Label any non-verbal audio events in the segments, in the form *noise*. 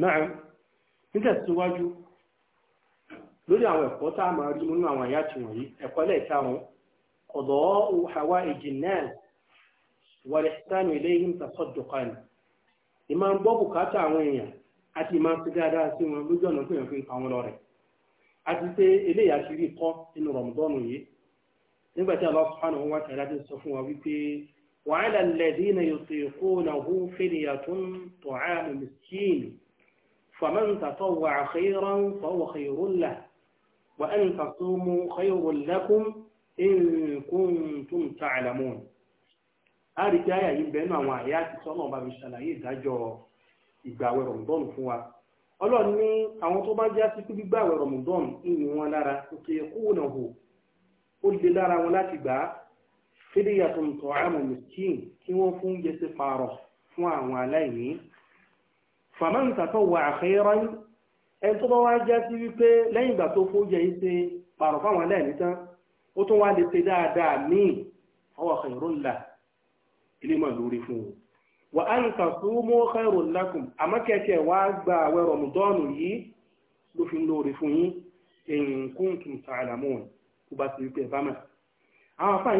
náà nítẹ̀síwájú lórí àwọn ẹ̀kọ́ tá a máa rí nínú àwọn àyàtì wọ̀nyí ẹ̀kọ́ lẹ́ẹ̀ka wọn ọ̀dọ́ òhàwá èjì náà wàlẹ̀ sánú ilé yìí ń tàṣọ dùkà ní. ìmọ̀ ń gbọ́ bùkátà àwọn èèyàn àti ìmọ̀ ń ti dáadáa sí wọn lójú ọ̀nà fún ìyànfin àwọn lọ rẹ̀. a ti eléyà ti rí kọ́ nínú rọ̀mùdọ́nù yìí nígbà tí Allah subhanahu wa ta'ala ti sọ fún wa wípé wàhálà lẹ́dínà yòókù náà hù fẹ́niyàtún tọ́hánù mìsíkìnì فمن تطوع خيرا فهو خير له وأن تصوموا خير لكم إن كنتم تعلمون ari tí àyà yìí bẹnu àwọn àyà àti sọ́nà ọba mi ṣàlàyé ìdájọ́ ìgbàwẹ̀ rọ̀mùdọ́nù fún wa ọlọ́run ní àwọn tó bá jẹ́ síkú gbígbàwẹ̀ rọ̀mùdọ́nù ìyìn wọn lára òkè kúwònà hù ó lè lára wọn láti gbà á fídíyàtọ̀ ntọ́ àmọ̀ mìskín kí wọ́n fún jẹ́sẹ̀ pààrọ̀ fún àwọn aláìní fàmán tàtọ̀ wà àkẹ́rán ẹni tó bá wá já sí wípé lẹ́yìn ìgbà tó fó jẹ ìṣe pààrọ̀ fáwọn aláìní tán ó tún wá lè ṣe dáadáa míì ọwọ́ àkẹ́rán là ilé mọ̀ lórí fún un wà á ń kàtó mú ọkẹ́rò lákùn àmọ́ kẹ̀kẹ́ wá gba àwẹ̀ rọ̀mùdọ́ọ̀nù yìí ló fi ń lóore fún yín in kuntum ta'lamun tó bá ti wípé ẹ̀fámà àwọn afáà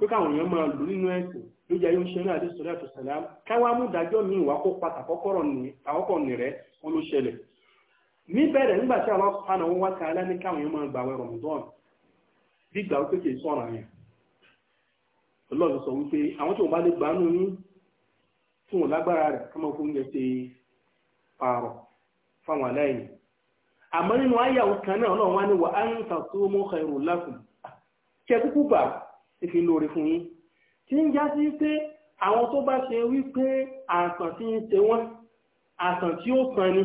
pé káwọn èèyàn máa lò nínú ẹ̀sìn ló jẹ́ yóò ń ṣe ní àdé sọ́dọ̀ àti sàlám káwá mú dájọ́ mi ìwà kó pata àkọ́kọ́ nì rẹ̀ wọn ló ṣẹlẹ̀ níbẹ̀rẹ̀ nígbà tí àwọn fana wọn wá káàlá ní káwọn èèyàn máa gbà wẹ̀ rọ̀mùdọ́n bí gbà wípé kì í sọ̀rọ̀ yẹn ọlọ́run sọ wípé àwọn tí wọn bá lè gbà nù ní tí wọn lágbára rẹ̀ ká máa fún oúnjẹ ṣe pààrọ̀ fáwọn aláìní àmọ́ nínú àyàwó kan náà ọlọ́run wá ní wà á ń tàkó mọ́ fífi lóore fún yín tí ń já sí pé àwọn tó bá ṣe wípé àsàn tí ń ṣe wọ́n àsàn tí ó sàn ni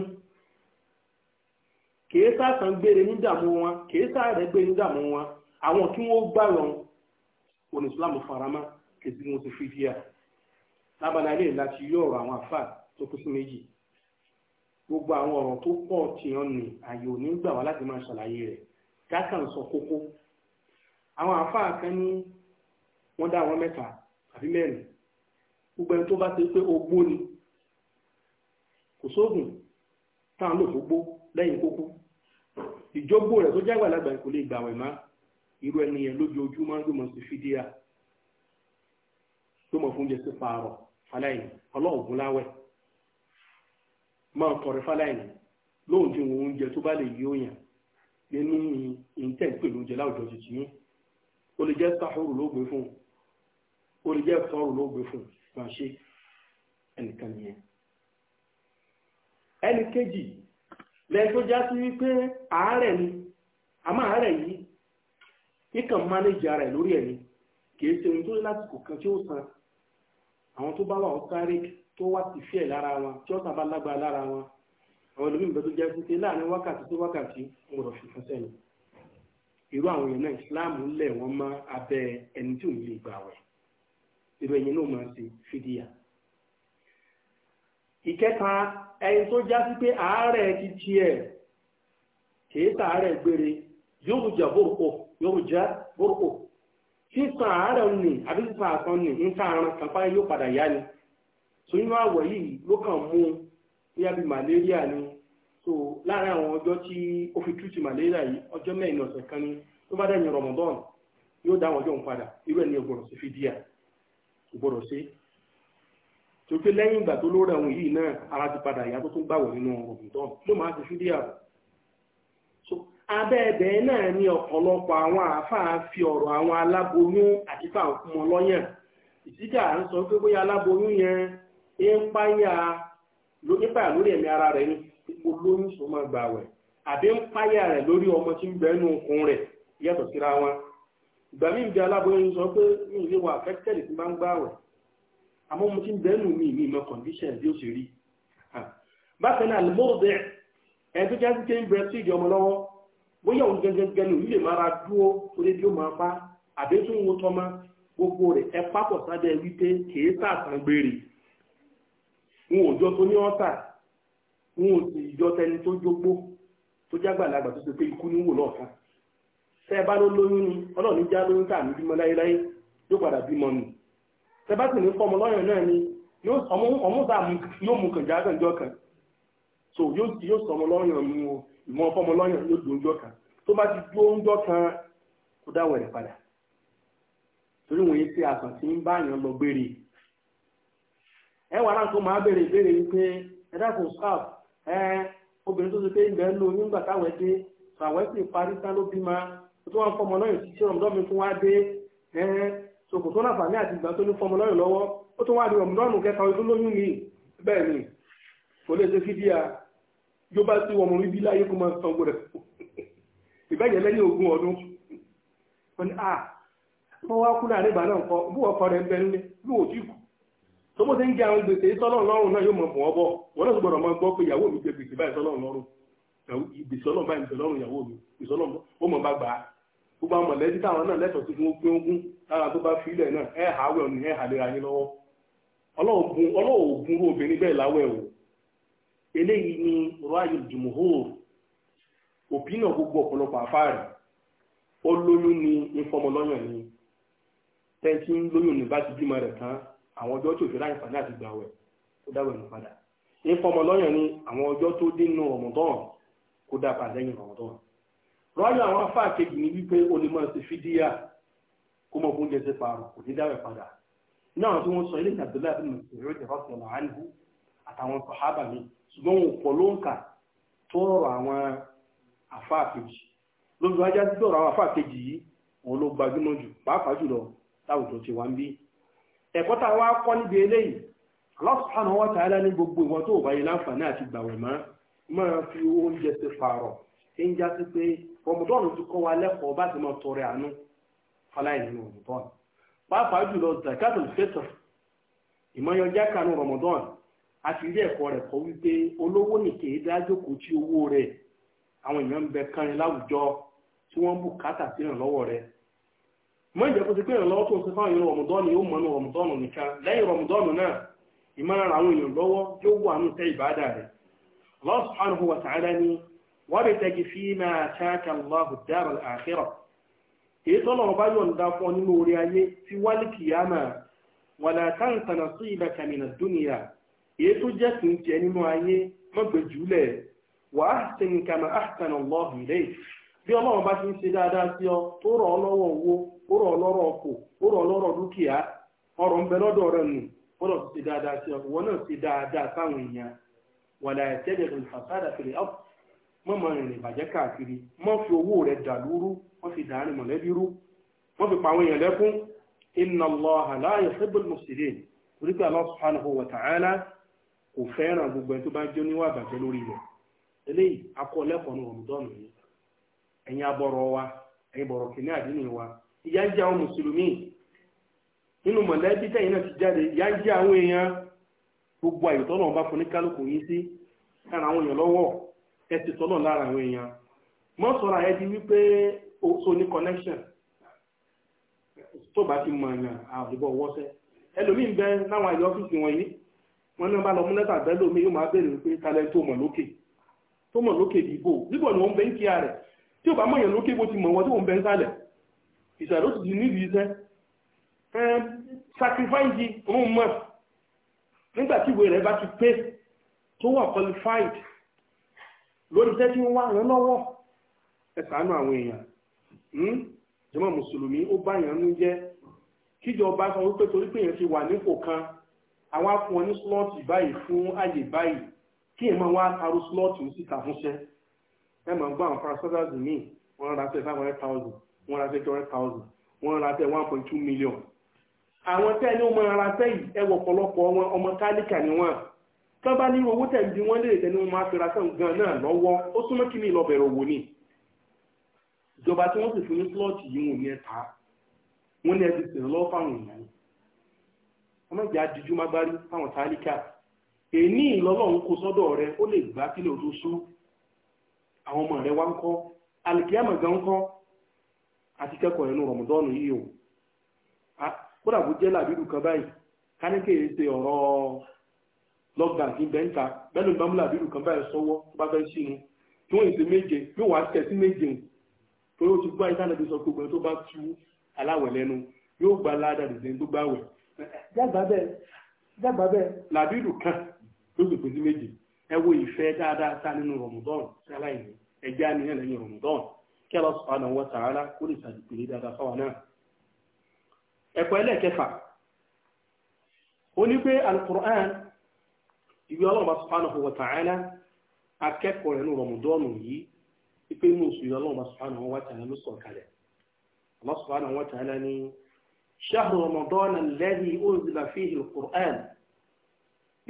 kìí sàsàn gbére nídààmú wọn kìí sàrẹ̀ gbére nídààmú wọn àwọn kí wọ́n gbà lọ òní Islam farama kìí wọn ti fi díà lábàlá ilé láti yọ ọ̀rọ̀ àwọn àfà tó kú sí méjì gbogbo àwọn ọ̀rọ̀ tó pọ̀ tí wọ́n ní àyè òní gbà wá láti máa ṣàlàyé rẹ̀ kákan sọ kókó àwọn àfà kan ní wọ́n dá àwọn mẹ́fà àbí mẹ́rin gbogbo ẹni tó bá ti pé ogbó ni kò sóògùn táwọn lò fógbó lẹ́yìn kókó ìjógbó rẹ̀ tó jẹ́ àgbàlagbà kò lè gbà wẹ̀ má irú ẹni yẹn lójoojúmọ́ ló mọ̀ sí fídíà ló mọ̀ fún jẹ́sí pààrọ̀ fáláìní ọlọ́ọ̀gùn láwẹ̀ máa tọrẹ fáláìní lóhùn tí wọn oúnjẹ tó bá lè yí òyàn nínú ìǹtẹ̀ pẹ̀lú oúnjẹ láwùjọ tuntun ó lè jẹ́ sáhóró ló fún un ó lè jẹ́ ẹ̀fọ́ òun ló gbé fún máa ẹnìkan nìyẹn. ẹnì kejì já sí wípé àárẹ̀ ni àmọ́ àárẹ̀ yìí kíkàn mánéjì ara ẹ̀ lórí ẹ̀ ni kì í ṣe ohun tó ní lásìkò kan tí ó san àwọn tó bá wà ó sáré tó wá fíẹ̀ lára wọn tí ó sábà lágbára lára irú ẹ̀yin náà máa ń ṣe fìdíyà ìkẹta ẹni tó já sí pé àárẹ̀ ti tiẹ̀ kìí sàárẹ̀ gbére yóò jà bórúkọ yóò jà bórúkọ sísan àárẹ̀ àbí sísan ń yóò padà yá ni so nínú àwọ̀ yìí ló kàn mú bóyá bíi malaria ni so láàárín àwọn ọjọ́ tí ó fi tú malaria yìí ọjọ́ mẹ́rin ọ̀sẹ̀ kan ni tó bá dẹ̀yìn Ramadan yóò dá àwọn ọjọ́ òun padà irú ẹni ọgbọ̀n kò gbọ́dọ̀ ṣe tí ó pé lẹ́yìn ìgbà tó lórí àwọn yìí náà ara ti padà ìyá tó tún gbàwọ̀ nínú ọ̀gbìn tán ló máa ti fídí àrò so abẹ́ẹ̀bẹ́ náà ni ọ̀pọ̀lọpọ̀ àwọn àáfàá fi ọ̀rọ̀ àwọn aláboyún àti fáwọn fún wọn lọ́yàn ìsíkà ń sọ pé bóyá aláboyún yẹn ń páyà lórí pàyà lórí ẹ̀mí ara rẹ̀ ni ipò lóyún sọ máa gbàwẹ̀ àbí ń páyà rẹ̀ lórí ọmọ tí ń bẹ́ẹ̀ nù okun rẹ̀ yàtọ̀ síra wọn ìgbà míì bí aláboyún sọ pé mi ò lè wà affected tí bá ń gbà wẹ̀ àmọ́ mo ti ń bẹ́ẹ̀nù mi mi mọ condition bí ó ṣe rí bákan náà lóòdẹ̀ ẹni tó jáde pé ń bẹ sí ìdí ọmọ lọ́wọ́ bóyá òun gẹ́gẹ́gẹ́ lòun lè máa ra dúró torí bí ó máa pa àbẹ́tún wo tọ́mọ gbogbo rẹ̀ ẹ pápọ̀ sábẹ́ wípé kìí sàtàn gbére wọn ò jọ tó ní ọ́tà wọn ò sì jọ tẹni tó jógbó tẹ́ ló lóyún ni ọlọ́ọ̀ni já lóyún káà ní bímọ láyéláyé yóò padà bímọ nù tẹ́ bá sì ní fọmọ náà ni ọmọ yóò mú kànjá kànjọ́ kan yóò sọmọ mú o ìmọ̀ fọmọ yóò dùn kan tó bá ti dúró ń kan kó dáwọ̀ padà torí wọn yìí àtàn tí bá lọ tó wá ń fọmọ lọ́yìn tí rọmọdọ́n mi tún wá dé ṣòkò tó láǹfààní àti ìgbà tó ní fọmọ lọ́yìn lọ́wọ́ ó tún wá di rọmọdọ́n kẹta ọdún lóyún mi bẹ́ẹ̀ ni kò lè ṣe fídíà yóò bá sí wọn mú rí bí láyé kó máa sanwó rẹ̀ *laughs* ìbẹ́jẹ̀ lẹ́yìn ogún ọdún wọn ni a wọ́n wá kú láàrin ìgbà náà kọ bí wọ́n kọ rẹ̀ ń bẹ nílé bí wò tí kù tó bó ṣe ń jẹ àwọn gbèsè sọ́lọ́run lọ́rùn náà yóò mọ̀ fún ọ bọ̀ wọ́n náà gbọ́dọ̀ máa gbọ́ pé ìyàwó mi jẹ gbèsè báyìí sọ́lọ́run lọ́rùn ìgbèsè ọlọ́run báyìí sọ́lọ́run ìyàwó mi ìgbèsè ọlọ́run ó mọ̀ bá gbà á gbogbo àwọn mọ̀lẹ́bí táwọn náà lẹ́tọ̀ọ́ sí fún pé ogún lára tó bá fi ilẹ̀ náà hàwẹ̀ ọ̀nì hàlera yín lọ́wọ́ ọlọ́ọ̀gùn o eléyìí ni ráyò jùmùhóòrò òbí náà gbogbo ọ̀pọ̀lọpọ̀ àfáàrí ó lóyún ni ìfọmọlọ́yàn ni tẹ́tí ń lóyún ní bá ti bímọ rẹ̀ tán àwọn ọjọ́ tí òfin padà rọ́ọ̀lù àwọn afá kejì ní wípé o lè máa ṣe fídíà kó mọ̀ fún jẹsẹ̀ pààrọ̀ kò ní dáwẹ̀ padà náà tí wọ́n sọ ilé ìdàdúrà bí mo sì rí ìjọba sí ọ̀nà àánú àtàwọn sọ̀hábà mi ṣùgbọ́n wọn kò ló ń kà tó rọrọ̀ àwọn afá kejì lójú ajá tí tó rọ àwọn afá kejì yìí òun ló gbajúmọ̀ jù pàápàá jùlọ láwùjọ ti wá ń bí ẹ̀kọ́ tá a wá kọ́ níbi eléyìí Allah rọmọdọ́nù ti kọ́ wa lẹ́kọ̀ọ́ bá ti máa tọrẹ àánú fáláìní ní rọmọdọ́nù pàápàá jùlọ zakat al-fitr ìmọ̀yànjá kanú rọmọdọ́nù àti ilé ẹ̀kọ́ rẹ̀ kọ́ olówó nìkè dájókòó owó rẹ̀ àwọn èèyàn mọ́ ìjẹ́ ti ìrànlọ́wọ́ tó ń fáwọn wábẹ̀tẹ̀gì fi máa ṣáàkà lọ́hùn dára àkírọ̀ èyí tọ́lọ̀ ọba yọ̀ǹda fún nínú orí ayé tí wálé kìyàmà wàlá táǹtà nà sí ibà kàmìnà dúnìyà èyí tó jẹ́ kì í jẹ nínú ayé mọ́gbẹ̀ jùlẹ̀ wà á ní kàmà àhùtàn lọ́hùn ilé bí ọlọ́run bá ti ń ṣe dáadáa sí ọ tó rọ̀ ọ́ owó ó rọ̀ ọ́ ọkọ̀ ó rọ̀ ọ́ mọ́ mọ ìrìn ìbàjẹ́ káàkiri mọ́ fi owó rẹ̀ dàlúrú mọ́ fi dàárín mọ̀lẹ́bí rú fi pàwọn èèyàn lẹ́kún la yuhibbul mufsidin torí pé Allah subhanahu wa musulmi kò fẹ́ràn gbogbo ẹni tó bá jó níwà bàjẹ́ lórí rẹ̀ eléyìí akọ́lẹ́kọ̀ọ́ ní rọ̀mùdọ́nù yìí ẹ̀yin abọ́rọ̀ wa ẹ̀yin bọ̀rọ̀ kìíní wa ìyá ń àwọn mùsùlùmí nínú mọ̀lẹ́bí tẹ̀yìn náà ti jáde ìyá ń àwọn gbogbo ọba fún ní ẹ ti tọ́lọ̀ lára àwọn èèyàn mọ́ sọ̀rọ̀ ayé di wípé o so ní connection tó bá ti mọ̀ èèyàn àwọn òdìbò wọ́sẹ̀ ẹlòmíín bẹ láwọn àyè ọ́fíìsì wọn yìí wọn náà bá lọ fún lẹ́tà bẹ́ẹ̀ lómi yóò máa béèrè wípé talẹ́ tó mọ̀ lókè tó mọ̀ lókè dìbò bíbọ̀ ni wọ́n bẹ ń kí ara rẹ̀ tí ò bá mọ̀ èèyàn lókè bó ti mọ̀ wọn tí wọ́n bẹ ń sálẹ̀ ìṣàlọ́ ti di nídìí iṣẹ́ sacrifice òun mọ̀ nígbà tí ìwé rẹ̀ bá ti pé tó wà qualified lórí iṣẹ́ tí ń wá àyàn lọ́wọ́ ẹ ṣàánú àwọn èèyàn hmm? jọmọ mùsùlùmí ó bá èèyàn ní jẹ́ kíjọba sọ wípé torí pé èèyàn ti wà nípò kan àwọn á fún wọn ní slọ́ọ̀tì báyìí fún àyè báyìí kí èèyàn wá tarú slọ́ọ̀tì ń síta fúnṣẹ́ ẹ mọ̀ gbọ́ àwọn parastatals míì wọ́n ra ṣe five hundred thousand wọ́n ra ṣe two hundred thousand wọ́n ra ṣe one point two million àwọn tẹ́ ẹni ó mọ ara ṣẹ́yìn ẹwọ̀ ọ̀pọ̀lọpọ̀ ọmọ kálíkà ni wọ́n tán bá ní owó tẹ̀ ń bí lè tẹ́ ní wọ́n máa fira sẹ́wọ̀n gan náà lọ́wọ́ ó súnmọ́ kí mi lọ bẹ̀rẹ̀ ni ìjọba tí wọ́n sì fún ní slọ́ọ̀tì yìí wọn ò ní ẹ ta wọ́n ní ẹ ti sìn lọ́wọ́ fáwọn èèyàn ni ọmọ ìjà díjú má gbárí fáwọn tálíkà èní ìlọ́lọ́run kó sọ́dọ̀ rẹ ó lè gbá kílẹ̀ ó àwọn ọmọ rẹ wá ń kọ́ alìkíyàmọ̀ gan lọ́gbà ní bẹ́ńkà bẹ́ẹ̀ ló ń bá múlà bírù kan báyìí sọ́wọ́ tó bá fẹ́ sínú tí wọ́n yìí ṣe méje yóò wá tẹ̀ sí méje torí o ti gbọ́ àyíká náà ti sọ gbogbo ẹni tó bá tú aláwẹ̀ lẹ́nu yóò gba aládàá dìde tó gbà wẹ̀. jágbá bẹ́ẹ̀ jágbá bẹ́ẹ̀ làbírù kan ló sì pèsè méje ẹ wo ìfẹ́ dáadáa sá nínú rọ̀mùdọ́n sí aláìní ẹgbẹ́ àníyàn lẹ́yìn rọ̀mùdọ́n kí Allah subhanahu wa ta'ala kó lè ṣàdìpèlé dáadáa fáwọn náà. ẹ̀kọ́ ẹlẹ́ẹ̀kẹfà ó ní pé alukur'an ìwé ọlọ́run bá subhanahu wa ta'ala akẹ́kọ̀ọ́ rẹ̀ ní rọmọdọ́ọ̀nù yìí ipe inú oṣù ìwé ọlọ́run bá subhanahu wa ta'ala ló sọ̀ kalẹ̀ Allah subhanahu wa ta'ala ní shahru ramadana alladhi unzila fihi al-Qur'an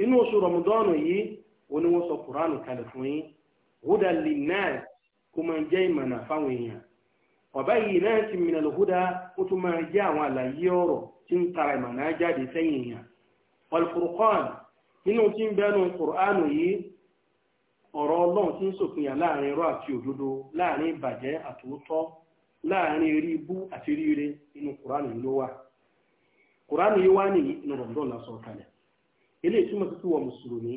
inú oṣù rọmọdọ́ọ̀nù yìí wọ́n ní wọ́n sọ Qur'an kalẹ̀ fún yín hudan linnas kó máa jẹ́ ìmọ̀nà fáwọn èèyàn ọ̀bá yìí náà ti nínú tí ń bẹ́nu kùránù yìí ọ̀rọ̀ ọlọ́run tí ń sòpinya láàrin irọ́ àti òdodo láàrin ìbàjẹ́ àtòótọ́ láàrin eré ibú àti ríire nínú kùránù ló wà kùránù yìí wá ní inú rọ̀dọ́n la sọ kalẹ̀ eléyìí túmọ̀ sí wọ mùsùlùmí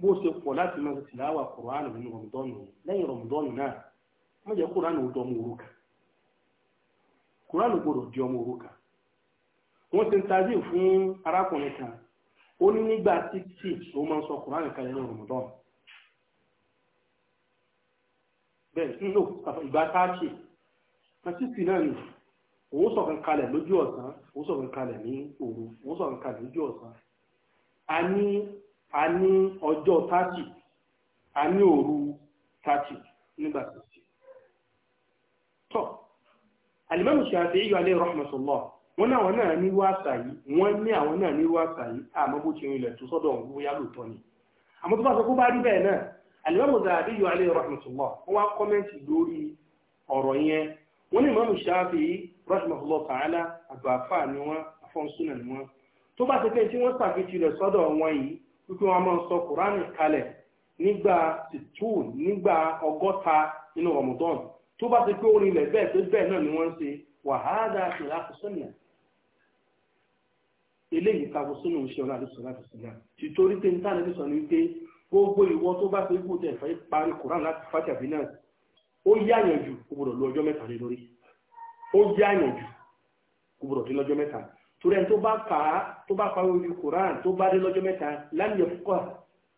bó ṣe pọ̀ láti máa ti láwà kùránù nínú lẹ́yìn náà wọ́n jẹ́ di ó ní nígbà títí ó máa ń sọ kùránì kalẹ̀ ní ramadan bẹ́ẹ̀ nínú ìgbà táàkì àtìsí náà ni òun sọ̀kan kalẹ̀ lójú ọ̀sán òun sọ̀kan kalẹ̀ ní òru òun sọ̀kan kalẹ̀ lójú ọ̀sán a ní a ní ọjọ́ táàkì a ní òru táàkì nígbà títí tọ́ alimami Shafi'i alayhi rahmatullah wọ́n ní àwọn náà nírú àṣà yìí wọ́n ní àwọn náà nírú àṣà yìí àmọ́ bó ṣe rinlẹ̀ tó sọ́dọ̀ òun bóyá lóòótọ́ ni àmọ́ tó bá sọ kó bá rí bẹ́ẹ̀ náà alimami zahabi yọ alẹ́ rahmatullah wọ́n wá kọ́mẹ́ǹtì lórí ọ̀rọ̀ yẹn wọ́n ní imamu shafi rahmatullah ta'ala àgbàfà ni wọ́n afọ́nsúnà ni wọ́n tó bá ṣe pé tí wọ́n ṣàfihàn wàhálà àti ìlà eléyìí tako sínú iṣẹ́ ọlá àdìsọ láti sílẹ̀ tìtorí pé níta ní sọ ni wípé gbogbo ìwọ tó bá fi kú tẹ̀ fẹ́ parí koran láti fàtí àbí náà ó yáyàn jù kò gbọdọ̀ lo ọjọ́ mẹ́ta lé lórí ó yáyàn jù kò gbọdọ̀ dín lọ́jọ́ mẹ́ta torí ẹni tó bá kà á tó bá parí orí koran tó bá dé lọ́jọ́ mẹ́ta láyé fúkọ́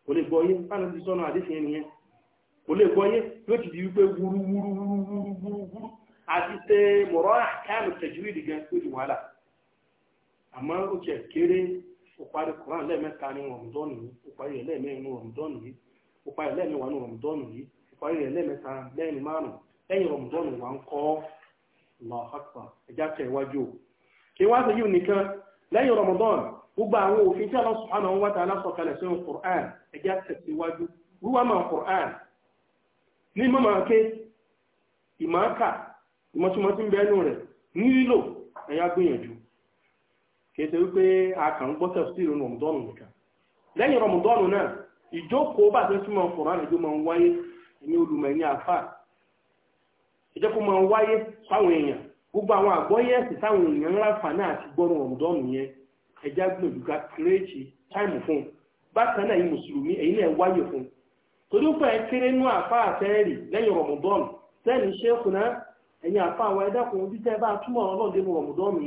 kò lè gbọ́ yé fáwọn ti sọ́nà àdéhùn yẹn nìyẹn kò lè gbọ́ yé yóò ti di wípé wúrúwúrúwúrúwúrú àti tẹ mọ̀rọ́ àkáàmù tẹ̀jú ìdìgan ó di wàhálà àmọ́ ó tiẹ̀ kéré ó koran lẹ́ẹ̀mẹ́ta ní rọ̀mùdọ́nù yìí ó parí rẹ̀ lẹ́ẹ̀mẹ́rin ní rọ̀mùdọ́nù yìí ó parí rẹ̀ lẹ́ẹ̀mẹ́wàá ní rọ̀mùdọ́nù yìí ó parí rẹ̀ lẹ́ẹ̀mẹ́ta lẹ́ẹ̀rin márùn lẹ́yìn rọ̀mùdọ́nù wà ń kọ́ tẹ̀ wájú wa kì í wípé a ka ń gbọ́sẹ̀ sí ìrònú ọ̀mùdọ́nù nìkan lẹ́yìn ọ̀mùdọ́nù náà ìjókòó bá ti túmọ̀ kùránì tó máa ń wáyé ní olùmọ̀ àfà máa gbogbo àwọn àgbọ́yé ẹ̀sìn sáwọn èèyàn ńlá àti yẹn ẹja ká fún bákan náà yìí mùsùlùmí náà wáyé fún torí ó kéré nú àfà àtẹ́rì lẹ́yìn sẹ́ni ẹ̀yìn àfà àwọn ẹ̀dá kan bí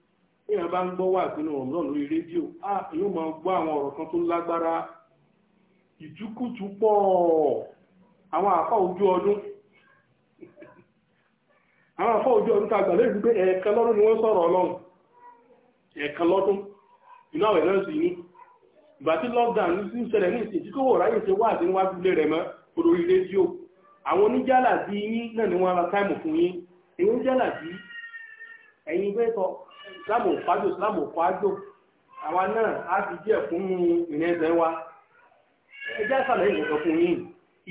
èèyàn bá ń gbọ́ wà sínú rọ̀mùdán lórí rédíò á yóò máa gbọ́ àwọn ọ̀rọ̀ kan tó lágbára ìtukùtù pọ̀ àwọn àfa ojú ọdún àwọn àfa ojú ọdún tá a gbà lórí pé ẹ̀ẹ̀kan lọ́dún ni wọ́n sọ̀rọ̀ ọlọ́run ẹ̀ẹ̀kan lọ́dún inú àwẹ̀ náà sì ní ìgbà tí lockdown ní ṣẹlẹ̀ ní ìsìn tí kò wò ráyè ṣe wà sí níwájú ilé rẹ̀ mọ́ olórí rédíò àwọn oníjàlá bí yín náà ni wọ́n ara táìmù fún yín èyí oníjàlá bí ẹ̀yin bẹ́ẹ̀ sọ islam ò fájò islam ò fájò àwa náà á fi díẹ̀ fún ìrìnàjò wa ẹjẹ́ àṣàlẹ̀ ìwọ̀n fún yìí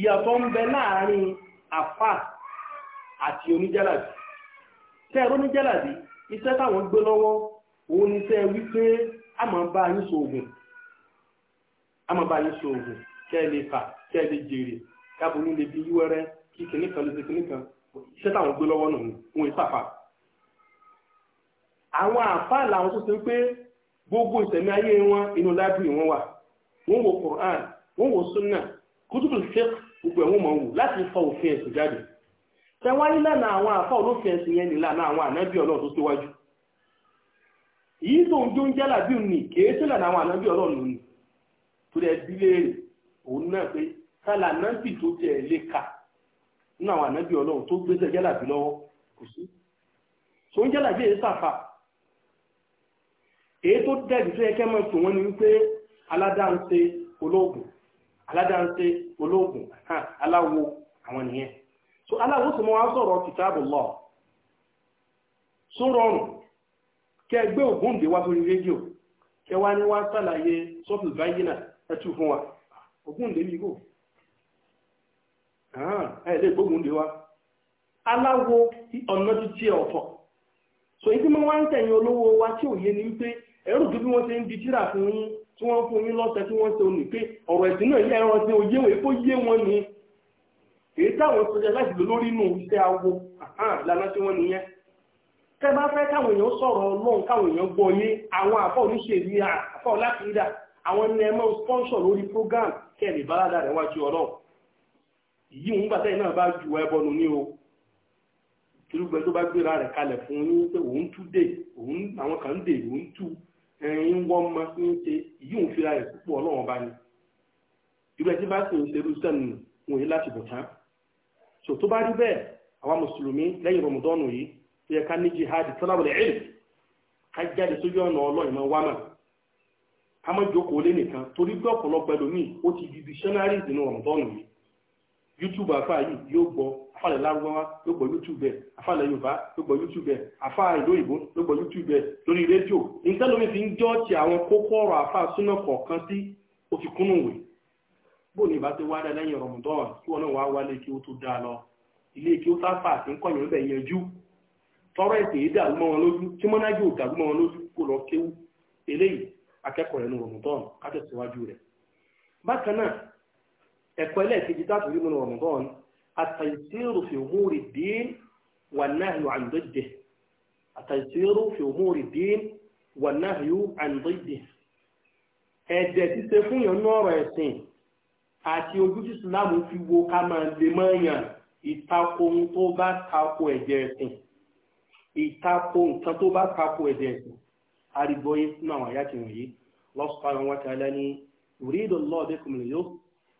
ìyàtọ̀ ń bẹ láàrin àfà àti oníjálàbí tẹ́ ẹ̀rọ iṣẹ́ táwọn gbé lọ́wọ́ òun ni tẹ́ wípé a máa bá yín sóògùn a máa bá yín sóògùn kẹ́ ẹ lè fà kẹ́ ẹ lè jèrè káàbù ní lè bí yúwẹ́rẹ́ kí kìnnìkan lè ṣe iṣẹ́ táwọn gbé lọ́wọ́ nù ní òun àwọn àfáà làwọn tó ti pé gbogbo ìsẹ̀mí ayé wọn inú láìbírì wọn wà wọ́n wo Qur'an wọ́n wo sunna kutubul fiqh gbogbo ẹ̀wọ̀n mọ̀ wù láti fọ òfin ẹ̀sìn jáde tẹwọn nílànà àwọn àfáà olófin ẹ̀sìn yẹn nílànà àwọn ànábì Ọlọ́run tó síwájú yìí tó ń jó ń jálà bí òní kèé tó lànà àwọn ànábì Ọlọ́run ni tó lẹ bí léèrè òun náà pé kálà ànábì tó jẹ ẹ lè kà nínú àwọn ànábì Ọlọ́run tó gbé jálà bí lọ́wọ́ kò sí tó ń jálà bí èyí sàfà èyí tó dẹ̀bi tó yẹ kẹ́ tó wọ́n ni wípé aládáńṣe olóògùn aládáńṣe olóògùn aláwo àwọn nìyẹn so aláwo sì mọ́ wá sọ̀rọ̀ kitabullah sún rọrùn kẹ́ gbé ògùn dé wá sórí rédíò kẹ́ wá ní wá sàlàyé fún wa ògùn dé bí kò ẹ̀ lè gbógun dé aláwo ọ̀nà ti so ìdí mọ́ wá ń tẹ̀yìn olówó wa tí ẹrù bí wọ́n ṣe ń di tíra fún yín tí wọ́n fún yín lọ́sẹ̀ tí wọ́n ṣe òní pé ọ̀rọ̀ ẹ̀sìn náà yẹ ẹran tí oyé wèé kó yé wọn ni èyí táwọn sọjà láti lò lórí inú iṣẹ́ awo lànà tí wọ́n nìyẹn tẹ́ bá fẹ́ káwọn èèyàn sọ̀rọ̀ ọlọ́run káwọn èèyàn gbọ́ yé àwọn àfọ̀ oníṣèlú àfọ̀ láti rí dà àwọn ní ẹmọ́ sponsor lórí program kẹ́ẹ̀lì báládà rẹ̀ wájú ọlọ́run yìí ń gbàtẹ́ náà bá ju ẹbọnu ní o kìlúgbẹ́ tó bá gbéra rẹ̀ kalẹ̀ fún yín pé òun tú dé àwọn kan dé òun tú ẹ̀rín ń wọ́n mọ́ ní ṣe yíò ń fira rẹ̀ púpọ̀ ọlọ́wọ́n bá ní irú ẹtí bá sì ń ṣerú sẹ́nu wọn yìí láti bọ̀ tán so tó bá rí bẹ́ẹ̀ àwa mùsùlùmí lẹ́yìn rọmọdọ́nù yìí tó yẹ ká ní jihad tọ́lábọ̀lẹ̀ ẹ̀rì ká jáde sójú ọ̀nà ọlọ́yìn máa wá mà ká má jókòó lé nìkan torí bí ọ̀pọ̀lọpọ̀ ẹlòmíì ó ti di dictionaries nínú rọmọdọ́nù yìí youtube afa yìí yóò gbọ́ afalẹ̀ lárúbáwá yóò gbọ́ youtube ẹ̀ afalẹ̀ yorùbá yóò gbọ́ youtube ẹ̀ afa ìlú òyìnbó yóò gbọ́ youtube ẹ̀ lórí rédíò nǹkan lómi fi ń jọ́ ti àwọn kókó ọ̀rọ̀ afa súná kọ̀ọ̀kan tí o fi kúnnù wè bó ní ìbá ti wá dá lẹ́yìn rọ̀mùdọ́n kí wọn náà wá wálé kí ó tó dáa lọ ilé kí ó sáfà àti nǹkan yòó bẹ̀ yanjú tọrọ ẹ̀sìn yìí dàrú mọ́ wọn lójú tí mọ́nájú ò dàrú mọ́ wọn lójú kó lọ kéwú eléyìí akẹ́kọ̀ọ́ rẹ̀ ní rọ̀mùdọ́n ká tẹ̀síwájú bákan náà ẹ̀kọ́ ẹlẹ́ẹ̀kejì táàtù rí múnú Ramadan àtàìsírù fi òmúrì dín wà náàyò àǹdọ́jẹ àtàìsírù fi òmúrì dín wà náàyò àǹdọ́jẹ ẹ̀jẹ̀ títẹ fún yàn náà ọ̀rọ̀ ẹ̀sìn àti ojú tí Ìsìlámù fi wo ká máa lè máa yàn ìtakò ohun tó bá takò ẹ̀jẹ̀ ẹ̀sìn ìtakò nǹkan tó bá takò ẹ̀jẹ̀ ẹ̀sìn arìgbọ́yé nínú àwọn àyájọ́ wọ̀nyí Allah subhanahu wa ta'ala ni yuridu Allahu bikumul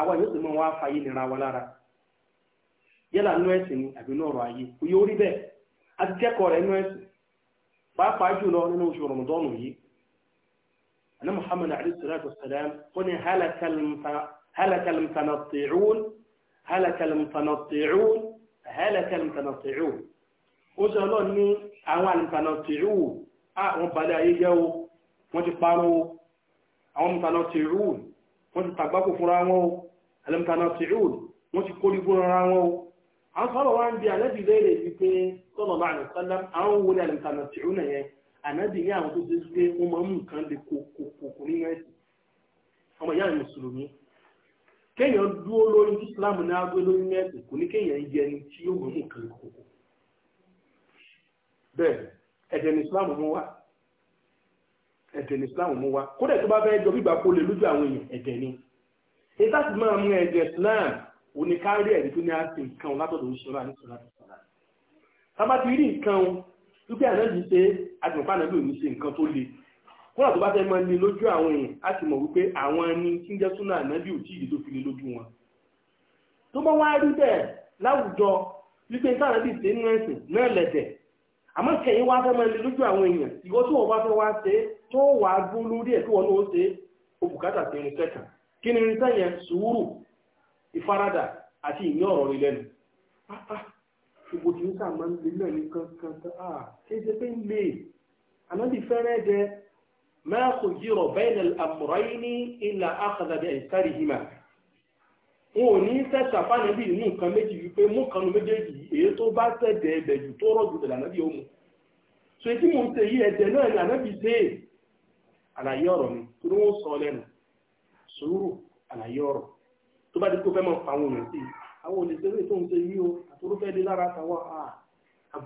àwa yóò sì mọ wá fàyè nira wa lára yálà nú ẹ̀sìn ni àbí nú ọ̀rọ̀ ayé kò yóò rí bẹ́ẹ̀ a ti kẹ́kọ̀ọ́ rẹ̀ nú ẹ̀sìn pàápàá jùlọ nínú oṣù rọmọdọ́nù yìí ana muhammad alayhi salatu wasalam ó ní halakalmutanati'un halakalmutanati'un halakalmutanati'un ó sọ lọ ní àwọn almutanati'un àwọn balẹ̀ ayé jẹ́ o ti parọ́ àwọn mutanati'un wọ́n ti tàgbákò fúnra wọn o alẹ́mùtánà tìrún wọ́n ti kórí fúnra wọn o àwọn sọ́rọ̀ wá ń bí ànábì léèrè yìí pé sọ́nà bá àlẹ́ sálám àwọn wọlé alẹ́mùtánà tìrún yẹn ànábì ní àwọn tó ṣe pé wọ́n máa ń mú nǹkan lè kókòkò nínú ẹ̀sìn ọmọ ìyá mi mùsùlùmí kéèyàn dúró lórí islam ní agbé lórí mẹ́sìn kò ní kéèyàn yẹ ẹni tí yóò mú nǹkan lè kókòkò bẹ́ẹ̀ ẹ̀dẹ̀ ní islam mú wá ẹ̀tẹ̀ ní islam mú wa kódà tó bá fẹ́ jọ bíbá kó lè lójú àwọn èèyàn ẹ̀tẹ̀ ni ìta sì máa mú ẹ̀jẹ̀ islam oníkárí ẹ̀rí tó ní á sì nǹkan látọ̀dọ̀ ìṣọ́ra ní sọ́ra ní sọ́ra tábà ti rí nǹkan wípé ànájì ṣe àgbọ̀npá náà ló ní ṣe nǹkan tó le kódà tó bá fẹ́ máa le lójú àwọn èèyàn á sì mọ̀ wípé àwọn ẹni tí ń jẹ́ súnà ànábì ò tíì tó fi lójú wọn tó bá wá rí bẹ́ẹ̀ láwùjọ wípé táwọn àmọ́ kẹ̀yìn wá fẹ́ máa lè lójú àwọn èèyàn ìwọ tó wọ́n bá fẹ́ wá ṣe tó wà á dún lórí ẹ̀ tó wọ́n ló ṣe ó bùkátà sí irinṣẹ́ kan kí ni irinṣẹ́ yẹn sùúrù ìfaradà àti ìní ọ̀rọ̀ rí lẹ́nu gbogbo tí ó sà máa wọn ò ní tẹ̀sán bí inú nǹkan méjì wípé mú kanu méjèèjì èyí tó bá tẹ̀dẹ̀ ẹ̀dẹ̀ jù tó jù tẹ̀lẹ̀ ànábì ó so etí mò ń yí ẹ̀dẹ̀ náà ni ànábì dé àlàyé ọ̀rọ̀ mi tó ní wọ́n sọ lẹ́nu sùúrù àlàyé ọ̀rọ̀ tó bá di kó fẹ́ mọ̀ èèyàn sí àwọn tó ń yí o dé lára tàwọn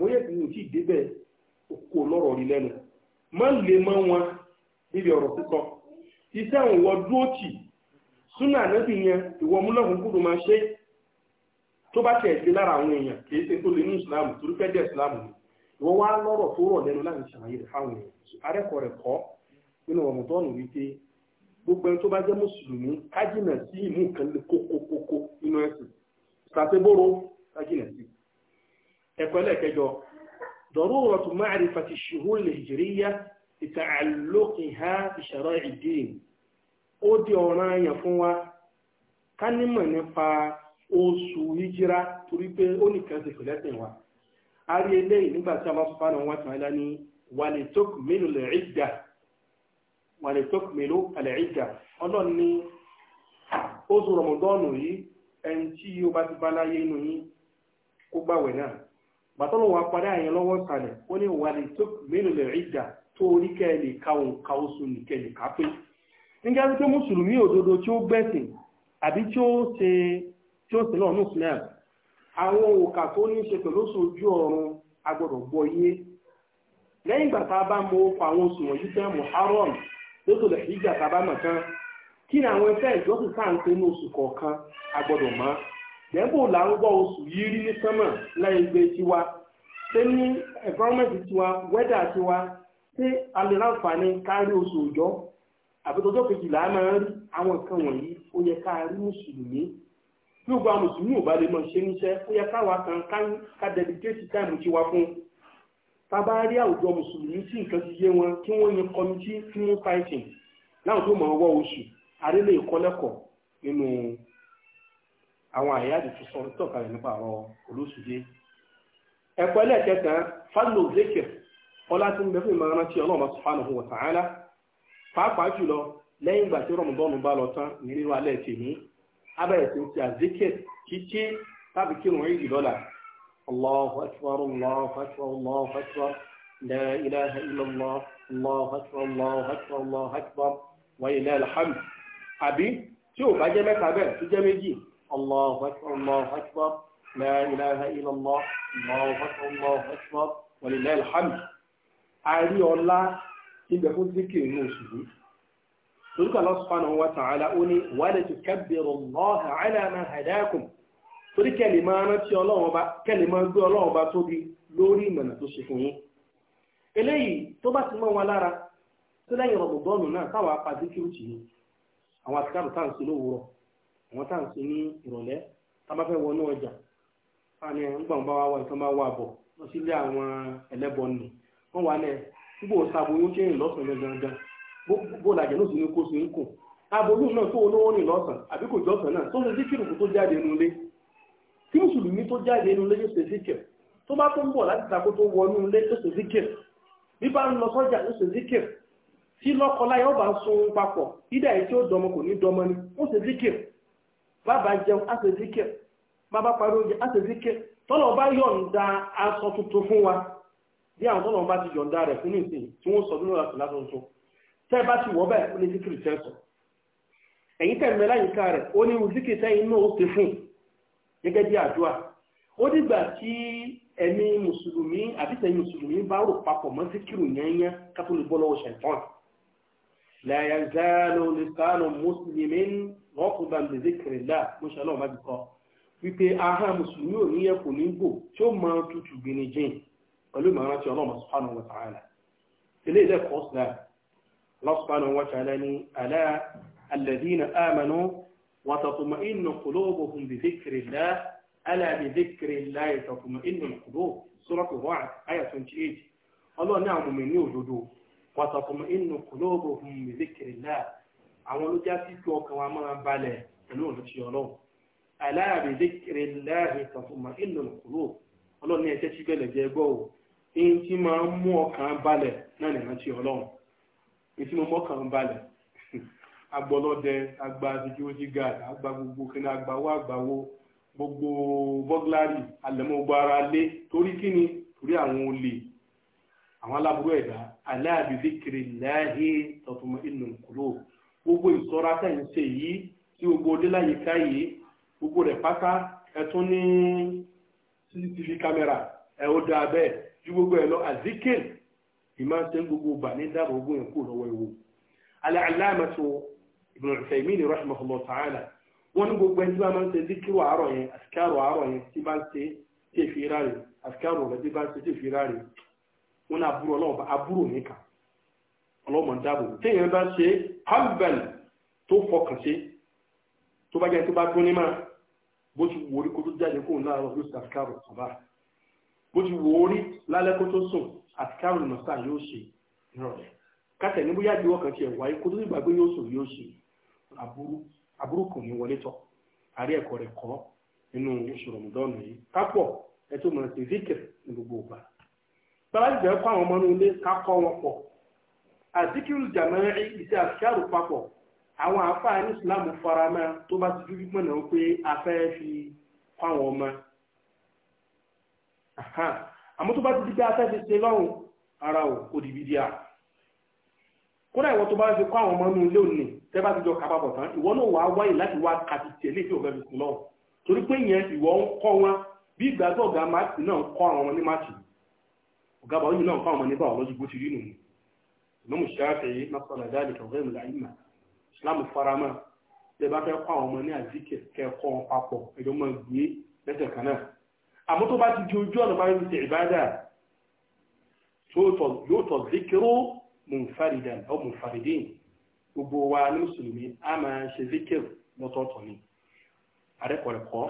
tí lẹ́nu súnà ànábì yẹn ìwọ múlọ́gùn kúrò máa ṣe tó bá tiẹ̀ ṣe lára àwọn èèyàn kìí ṣe tó lè ní ìsìláàmù torí fẹ́ jẹ́ ìsìláàmù ni ìwọ wá lọ́rọ̀ tó rọ̀ lẹ́nu láti ṣàlàyé rẹ̀ fáwọn èèyàn arẹ́kọ̀ọ́ rẹ̀ kọ́ nínú ọ̀mọ̀tọ́nù wípé gbogbo ẹni tó bá jẹ́ mùsùlùmí sí ìmú nǹkan lè ẹ̀sìn sí. ẹ̀kọ́ ó di ọrụ ayàn fún wa ká nímọ̀ nípa oṣù hijira torí pé ó nìkan ṣe pẹ̀lẹ́sìn wa a rí eléyìí nígbà tí Allah subhanahu wa ta'ala ní walitukmilu al-idda walitukmilu al-idda ọlọ́run ní oṣù rọmọdọ́ọ̀nù yìí ẹni tí ó bá ti bá láyé inú yín kó gbàwẹ̀ náà bàtọ́lọ̀ wà padà àyàn lọ́wọ́ ó ní tó nígbà tó mùsùlùmí òdodo tí ó gbẹ̀sìn àbí tí ó ṣe tí ó ṣe lọ́wọ́ muslim àwọn òkà tó ní ṣe pẹ̀lú oṣù ojú ọ̀run a gbọ́dọ̀ gbọ́ yé lẹ́yìn ìgbà tá a bá mọ okò àwọn oṣù wọ̀nyí fẹ́ muharram tó tó lè fi ìgbà tá a bá mọ̀ kan kí ni àwọn ẹgbẹ́ ìjọsìn sáà ń pè ní oṣù kọ̀ọ̀kan a gbọ́dọ̀ mọ̀ dẹ́gbò là oṣù yìí rí ní sánmà lẹ́yìngbé tiwa ṣé ní environment tiwa weather tiwa ṣé a lè láǹfààní kárí oṣù òjọ́ àbẹ̀tọ́jọ́ kejìlá máa rí àwọn nǹkan wọ̀nyí ó yẹ ká rí mùsùlùmí bí gbogbo àwọn mùsùlùmí ò bá lè mọ̀ ṣe níṣẹ́ ó yẹ káwa kan ká dẹ́díkéètì táìmù tí wa fún tábà rí àwùjọ mùsùlùmí tí nǹkan ti yé wọn kí wọ́n yan kọ́mítì fún fighting láwọn tó mọ̀ ọwọ́ oṣù àrílẹ̀ ìkọ́lẹ́kọ̀ọ́ nínú àwọn àyáàdì tó sọ tọ̀kalẹ̀ nípa ọ̀rọ̀ olóṣùdé ẹ̀kọ́ ẹlẹ́ẹ̀kẹta fálò zikir ọlá pàápàá jùlọ lẹ́yìn ìgbà tí rọmọdọ́nù bá lọ tán nínú alẹ́ tèmi abẹ́rẹ́ tí ó ti àzíkẹ́ kíkí tàbí kí wọ́n yìí lọ́la allahu akbar allahu akbar allahu akbar la ilaha illallah allahu akbar allahu akbar allahu àbí tí ò bá jẹ́ mẹ́ta bẹ́ẹ̀ tó jẹ́ méjì allahu ọlá ibẹ̀ fún zikiri ní òṣùlù torí Allah subhanahu ó ní ala ma hadakum torí kẹ́lì máa rántí ọlọ́run bá kẹ́lì máa gbé ọlọ́run bá tóbi lórí ìmọ̀nà tó ṣe fún yín eléyìí tó bá ti mọ́ wọn lára tó lẹ́yìn rọ̀bùbọ́ọ̀nù náà táwọn àwọn tá à ń bá fẹ́ wọnú ọjà ń gbọ̀n bó o ṣàbòyún ṣe ń lọ́sàn-án gangan bó làjẹ́ ló sì ní kó ṣe ń kùn aboyún náà tó olówó ní lọ́sàn-án àbí kò jọ́sàn náà tó ṣe síkìrì kó tó jáde inú ilé kí mùsùlùmí tó jáde inú ilé yóò ṣe síkìrì tó bá tó ń bọ̀ láti takó tó wọnú ilé yóò ṣe síkìrì bí bá ń lọ sọ́jà yóò ṣe síkìrì tí lọ́kọláyà ó bá ń sun papọ̀ ìdá yìí tí ó dọmọ kò ní dọmọ ni ó ṣe síkìrì bàbá jẹun á ṣe síkìrì bàbá parí oúnjẹ á ṣe síkìrì tọ́lọ̀ bá yọ̀ǹda aṣọ tuntun fún wa bí àwọn tọ́lọ̀ bá ti yọ̀ǹda rẹ̀ fún nìsín tí wọ́n sọ nínú àti lásán tó tẹ́ bá ti wọ́ bẹ́ẹ̀ ó ní zikiri tẹ́ sọ ẹ̀yin tẹ̀ mẹ́lá yìí ká rẹ̀ ó ní zikiri tẹ́ inú ó ti fún gẹ́gẹ́ bí àdúrà ó dìgbà tí ẹ̀mí mùsùlùmí àbí tẹ̀yìn mùsùlùmí bá rò papọ̀ mọ́ zikiru yẹnyẹ kátó lè bọ́ lọ́wọ́ ṣẹ̀tọ́n la yazalu lisanu muslimin rọ́kùnban lè zikiri lá mọ́ṣálọ́ wípé ahá mùsùlùmí ò ní yẹ kò ní gbò tí ó máa tutù pẹ̀lú ìmọ̀ràn tí ọlọ́mọ subhanahu wa ta'ala ilé ilẹ̀ kọ́ sílá subhanahu wa ta'ala ní ala alladhina amanu wa tatma'innu qulubuhum bi dhikrillah ala bi dhikrillah tatma'innu qulub suratu ra'd aya 28 ọlọ́run ní àwọn ọmọ ní òdodo wa tatma'innu qulubuhum bi dhikrillah àwọn olójá sí kí ọkàn wa máa balẹ̀ èyí tí máa ń mú ọkàn balẹ̀ náà nìyẹn ti ọlọ́run èyí tí mo mọ́kàn balẹ̀ *laughs* agbọlọdẹ agba security guard agba gbogbo kíni agbawo agbawo gbogbo bọ́gláàrì alẹ́mọ̀gbọ́ ara lé torí kíni torí àwọn olè àwọn aláburú ẹ̀dá aláàbí zikiri láàyè tọ̀tùmọ̀ inú kúrò gbogbo ìsọ́ra tẹ̀ ń ṣe yìí tí gbogbo oníláyìíká yìí gbogbo rẹ̀ pátá ẹ̀ tún ní cctv camera ẹ̀ ó dáa bẹ́ẹ̀ ju gbogbo ẹ̀ lọ azikir ìmáa ṣe ń gbogbo bà ní dáàbò ogun yẹn kúrò lọ́wọ́ ewu al-allamatu ibn Uthaymeen rahimahullah ta'ala wọ́n ní gbogbo ẹni tí wọ́n máa ń ṣe zikiru àárọ̀ yẹn àsikáàrò àárọ̀ yẹn tí bá ń ṣe tí èfi ra rè àsikáàrò rẹ̀ tí bá ń ṣe tí èfi ra rè wọ́n ní àbúrò ọlọ́ọ̀bá àbúrò nìkan ọlọ́mọ dáàbò téèyàn bá ṣe hanbel tó fọkàn ṣe tó bá jẹ́ tó bá tún ní máa bó ti wò orí kó tó jáde kóun láàárọ̀ ló ṣe àsikáàrò bó ti wò ó rí lálẹ́ kó tó sùn àti kárùn mọ́sá yóò ṣe ìrọ̀lẹ́ kátẹ̀ ní bóyá ìdíwọ́ kan tiẹ̀ wáyé kó tó sì gbàgbé yóò sùn yóò ṣe aburú aburú kò ní wọlé tọ̀ àrí ẹ̀kọ́ rẹ̀ kọ́ nínú oṣù rọ̀mùdọ́nù yìí kápọ̀ ẹ tó mọ̀ sí zikir ní gbogbo ògbà bàbá ti bẹ̀rẹ̀ kọ́ àwọn ọmọ inú kákọ́ wọn pọ̀ àzikiru jàmẹ́rẹ́ iṣẹ́ àṣìkárù papọ̀ àwọn àfáà ní ìsìlámù faramẹ́ tó bá ti dúdú mọ̀nà pé afẹ́ fi kọ́ àwọn ọmọ àmọ́ tó bá ti dídá afẹ́fẹ́ ṣe lọ́rùn ara ò kò dìbì díà kódà ìwọ tó bá fi kọ́ àwọn ọmọ inú ilé òní tẹ́ bá ti jọ kábàbọ̀ tán ìwọ náà wàá wáyè láti wá kàti tiẹ̀ léèfé òfẹ́ fi sùn lọ́rùn torí pé ìyẹn ìwọ ń kọ́ wọn bí ìgbà tó ọ̀gá máàkì náà ń kọ́ àwọn ọmọ ní máàkì ọ̀gá bàbá yìí náà ń kọ́ àwọn ọmọ ní báwọn lọ́jọ́ bó ti rí nù ìmọ̀mù ṣáàtẹ̀yẹ násọ̀lá dáàlì kọ̀ọ̀rẹ́ ìmọ̀lá ìmà ìsìlámù faramá tẹ́ àmọ́ tó bá ti di ojú ọ̀nà báyìí ti ìbádà yóò tọ̀ zikiru munfaridan ọ munfaridin gbogbo wa ní mùsùlùmí a máa ṣe zikiru lọ́tọ̀ọ̀tọ̀ ni àrẹ́kọ̀ọ́rẹ́kọ́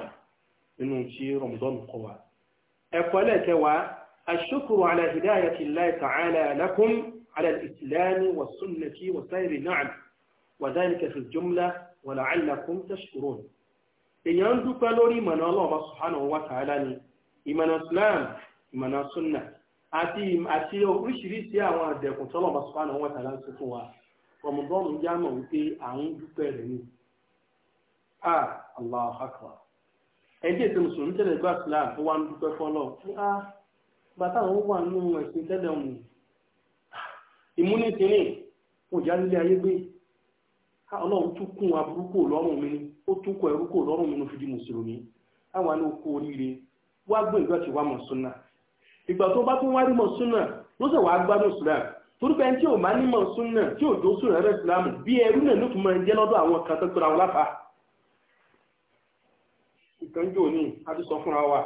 nínú tí Ramadan kọ wa ẹ̀kọ́ ẹlẹ́kẹwàá ashukuru ala hidayati Allahi ta'ala lakum ala al-islami wa sunnati wa sayri ìmọ̀nà Islam ìmọ̀nà sunna àti àti oríṣiríṣi àwọn àdẹ̀kùn tọ́lọ̀ bá sọ́kànà wọn tàbí ṣe fún wa rọmọdọ́ọ̀mù já mọ̀ wípé a mùsùlùmí Islam ó wá ń dúpẹ́ fún a bàtà àwọn wà nínú ẹ̀sìn tẹ́lẹ̀ òun ìmúnisìnì já nílé ayé gbé ọlọ́run tún kún lọ́rùn mi ó tún wá gbé ìgbà tí wá mọ̀ súnà ìgbà tó bá tún wá rí mọ̀ súnà ló sì wá gbádùn islam torúkọ ẹni tí ò máa ní mọ̀ súnà tí ò dó súnà rẹ̀ islam bí ẹrú náà ló tún máa jẹ́ lọ́dọ̀ àwọn kan tó tóra wọn láfa ìkànjọ́ òní a ti sọ fúnra wa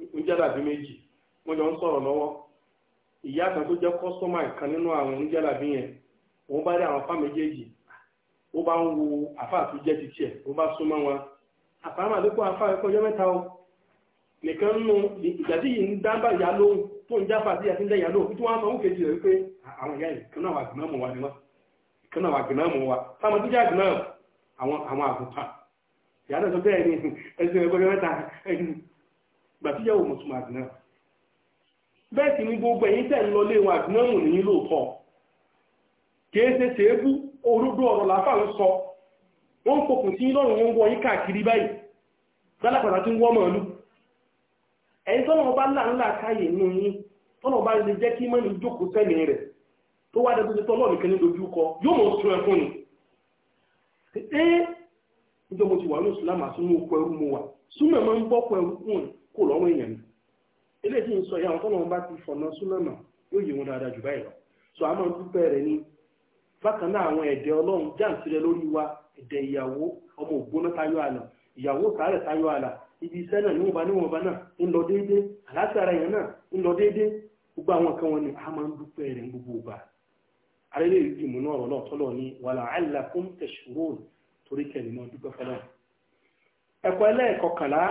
ń jẹ́ dàbí méjì wọ́n jọ ń sọ̀rọ̀ lọ́wọ́ ìyá kan tó jẹ́ kọ́sọ́mà kan nínú àwọn ń jẹ́ dàbí yẹn òun bá rí àwọn afá méjèèjì ó bá ń wo àfáà tó jẹ́ ti tiẹ̀ ó bá súnmọ́ wọn àfáà màdékò àfáà ẹ̀kọ́ ọjọ́ mẹ́ta o nìkan nù ìgbàdí yìí ń dábà ìyá lóhùn tó ń jáfa sí àti ń dá ìyá lóhùn tó wá ń sanwó kejì rẹ̀ wípé àwọn ìyá yìí kanáà wà gbìnàmù wa ni wọ́n kanáà wà gbìnàmù wa táwọn tó jẹ́ àgbìnàmù àwọn àwọn àgùntàn ìyá náà tó bẹ́ẹ̀ ni ẹsẹ̀ ẹgbẹ́ mẹ́ta gbàtíyàwó mùsùlùmí àgbìnàmù bẹ́ẹ̀ sì ni gbogbo ẹ̀yin tẹ̀ ń lọ lé wọn àgbìnàmù nìyí lóòótọ́ kìí ṣe ṣeébú orúdó ọ̀rọ̀ làáfà ń sọ wọ́n fòkùn sí lọ́rùn wọn wọ yí káàkiri báyìí lálàpàdà èyí tọ́nà ọba láàrínlá káyè nù yín tọ́nà ọba lè jẹ́ kí mọ́ni jókòó sẹ́ni rẹ̀ tó wá dẹ́gbẹ́ tó tọ́lọ́ nìkan ní dojú kọ yóò mọ̀ tún ẹkún ni. ẹ níjọ́ mo ti wà ní ìsìlámù ẹrú mo wà súnmọ̀ ń bọ́ ọkọ̀ lọ́wọ́ èèyàn ni eléyìí ń sọ tọ́nà ọba ti fọ̀nà súnmọ̀ yóò yẹ wọn jù báyìí lọ ibi iṣẹ́ náà níwọ̀nba níwọ̀nba náà ń lọ déédé àlásàrà èèyàn náà ń lọ déédé gbogbo àwọn kan wọn ni a máa ń dúpẹ́ rẹ̀ gbogbo ọba àrẹ́lẹ̀ ìdí ìmúná ọ̀rọ̀ náà tọ́lọ̀ ní wàlà àìlàkùn tẹ̀sùrùn torí kẹ́ni dúpẹ́ fọlọ́ ẹ̀kọ́ ẹlẹ́ẹ̀kọkànlá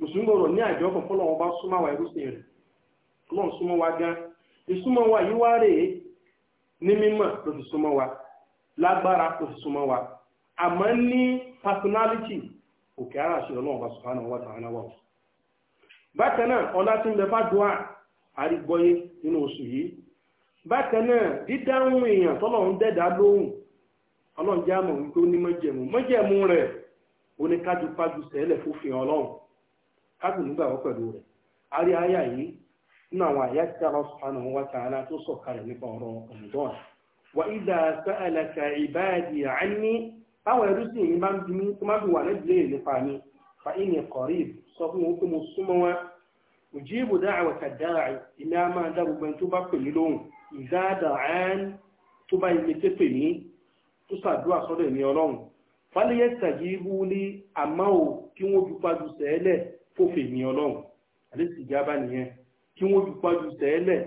mùsùlùmí ọ̀rọ̀ ní àjọ kan fọlọ́ ọba bá wa irúsìn rẹ̀ ọlọ́run súnmọ́ wa gan ìsúnmọ́ wa yìí wá rèé ní mímọ̀ ló fi súnmọ́ wa lágbára ló fi súnmọ́ wa ní òkè ara àṣírí ọlọ́run ọba subhanahu wa ta'ala wa. bákan náà ọlá tí ń bẹ nínú oṣù yìí bákan náà dídáhùn èèyàn lóhùn wípé ó ní káàkiri nígbà wọ́n pẹ̀lú rẹ̀ a rí yìí nínú àwọn àyà tí Allah subhanahu wa ta'ala tó sọ̀kalẹ̀ nípa ọ̀rọ̀ ọ̀mùdọ́n wa idha ibadi táwọn ẹrú yìí ń bí wà nípa mi fa sọ fún wọn pé mo súnmọ́ ilé a máa dá gbogbo tó bá pè mí lóhùn tó bá ilé mí tó sàdúrà sọ́dọ̀ ọlọ́run kí fòfè ní ọlọ́run àdéhùn ìjábá nìyẹn kí wọ́n ju pájú sẹ́ẹ̀lẹ̀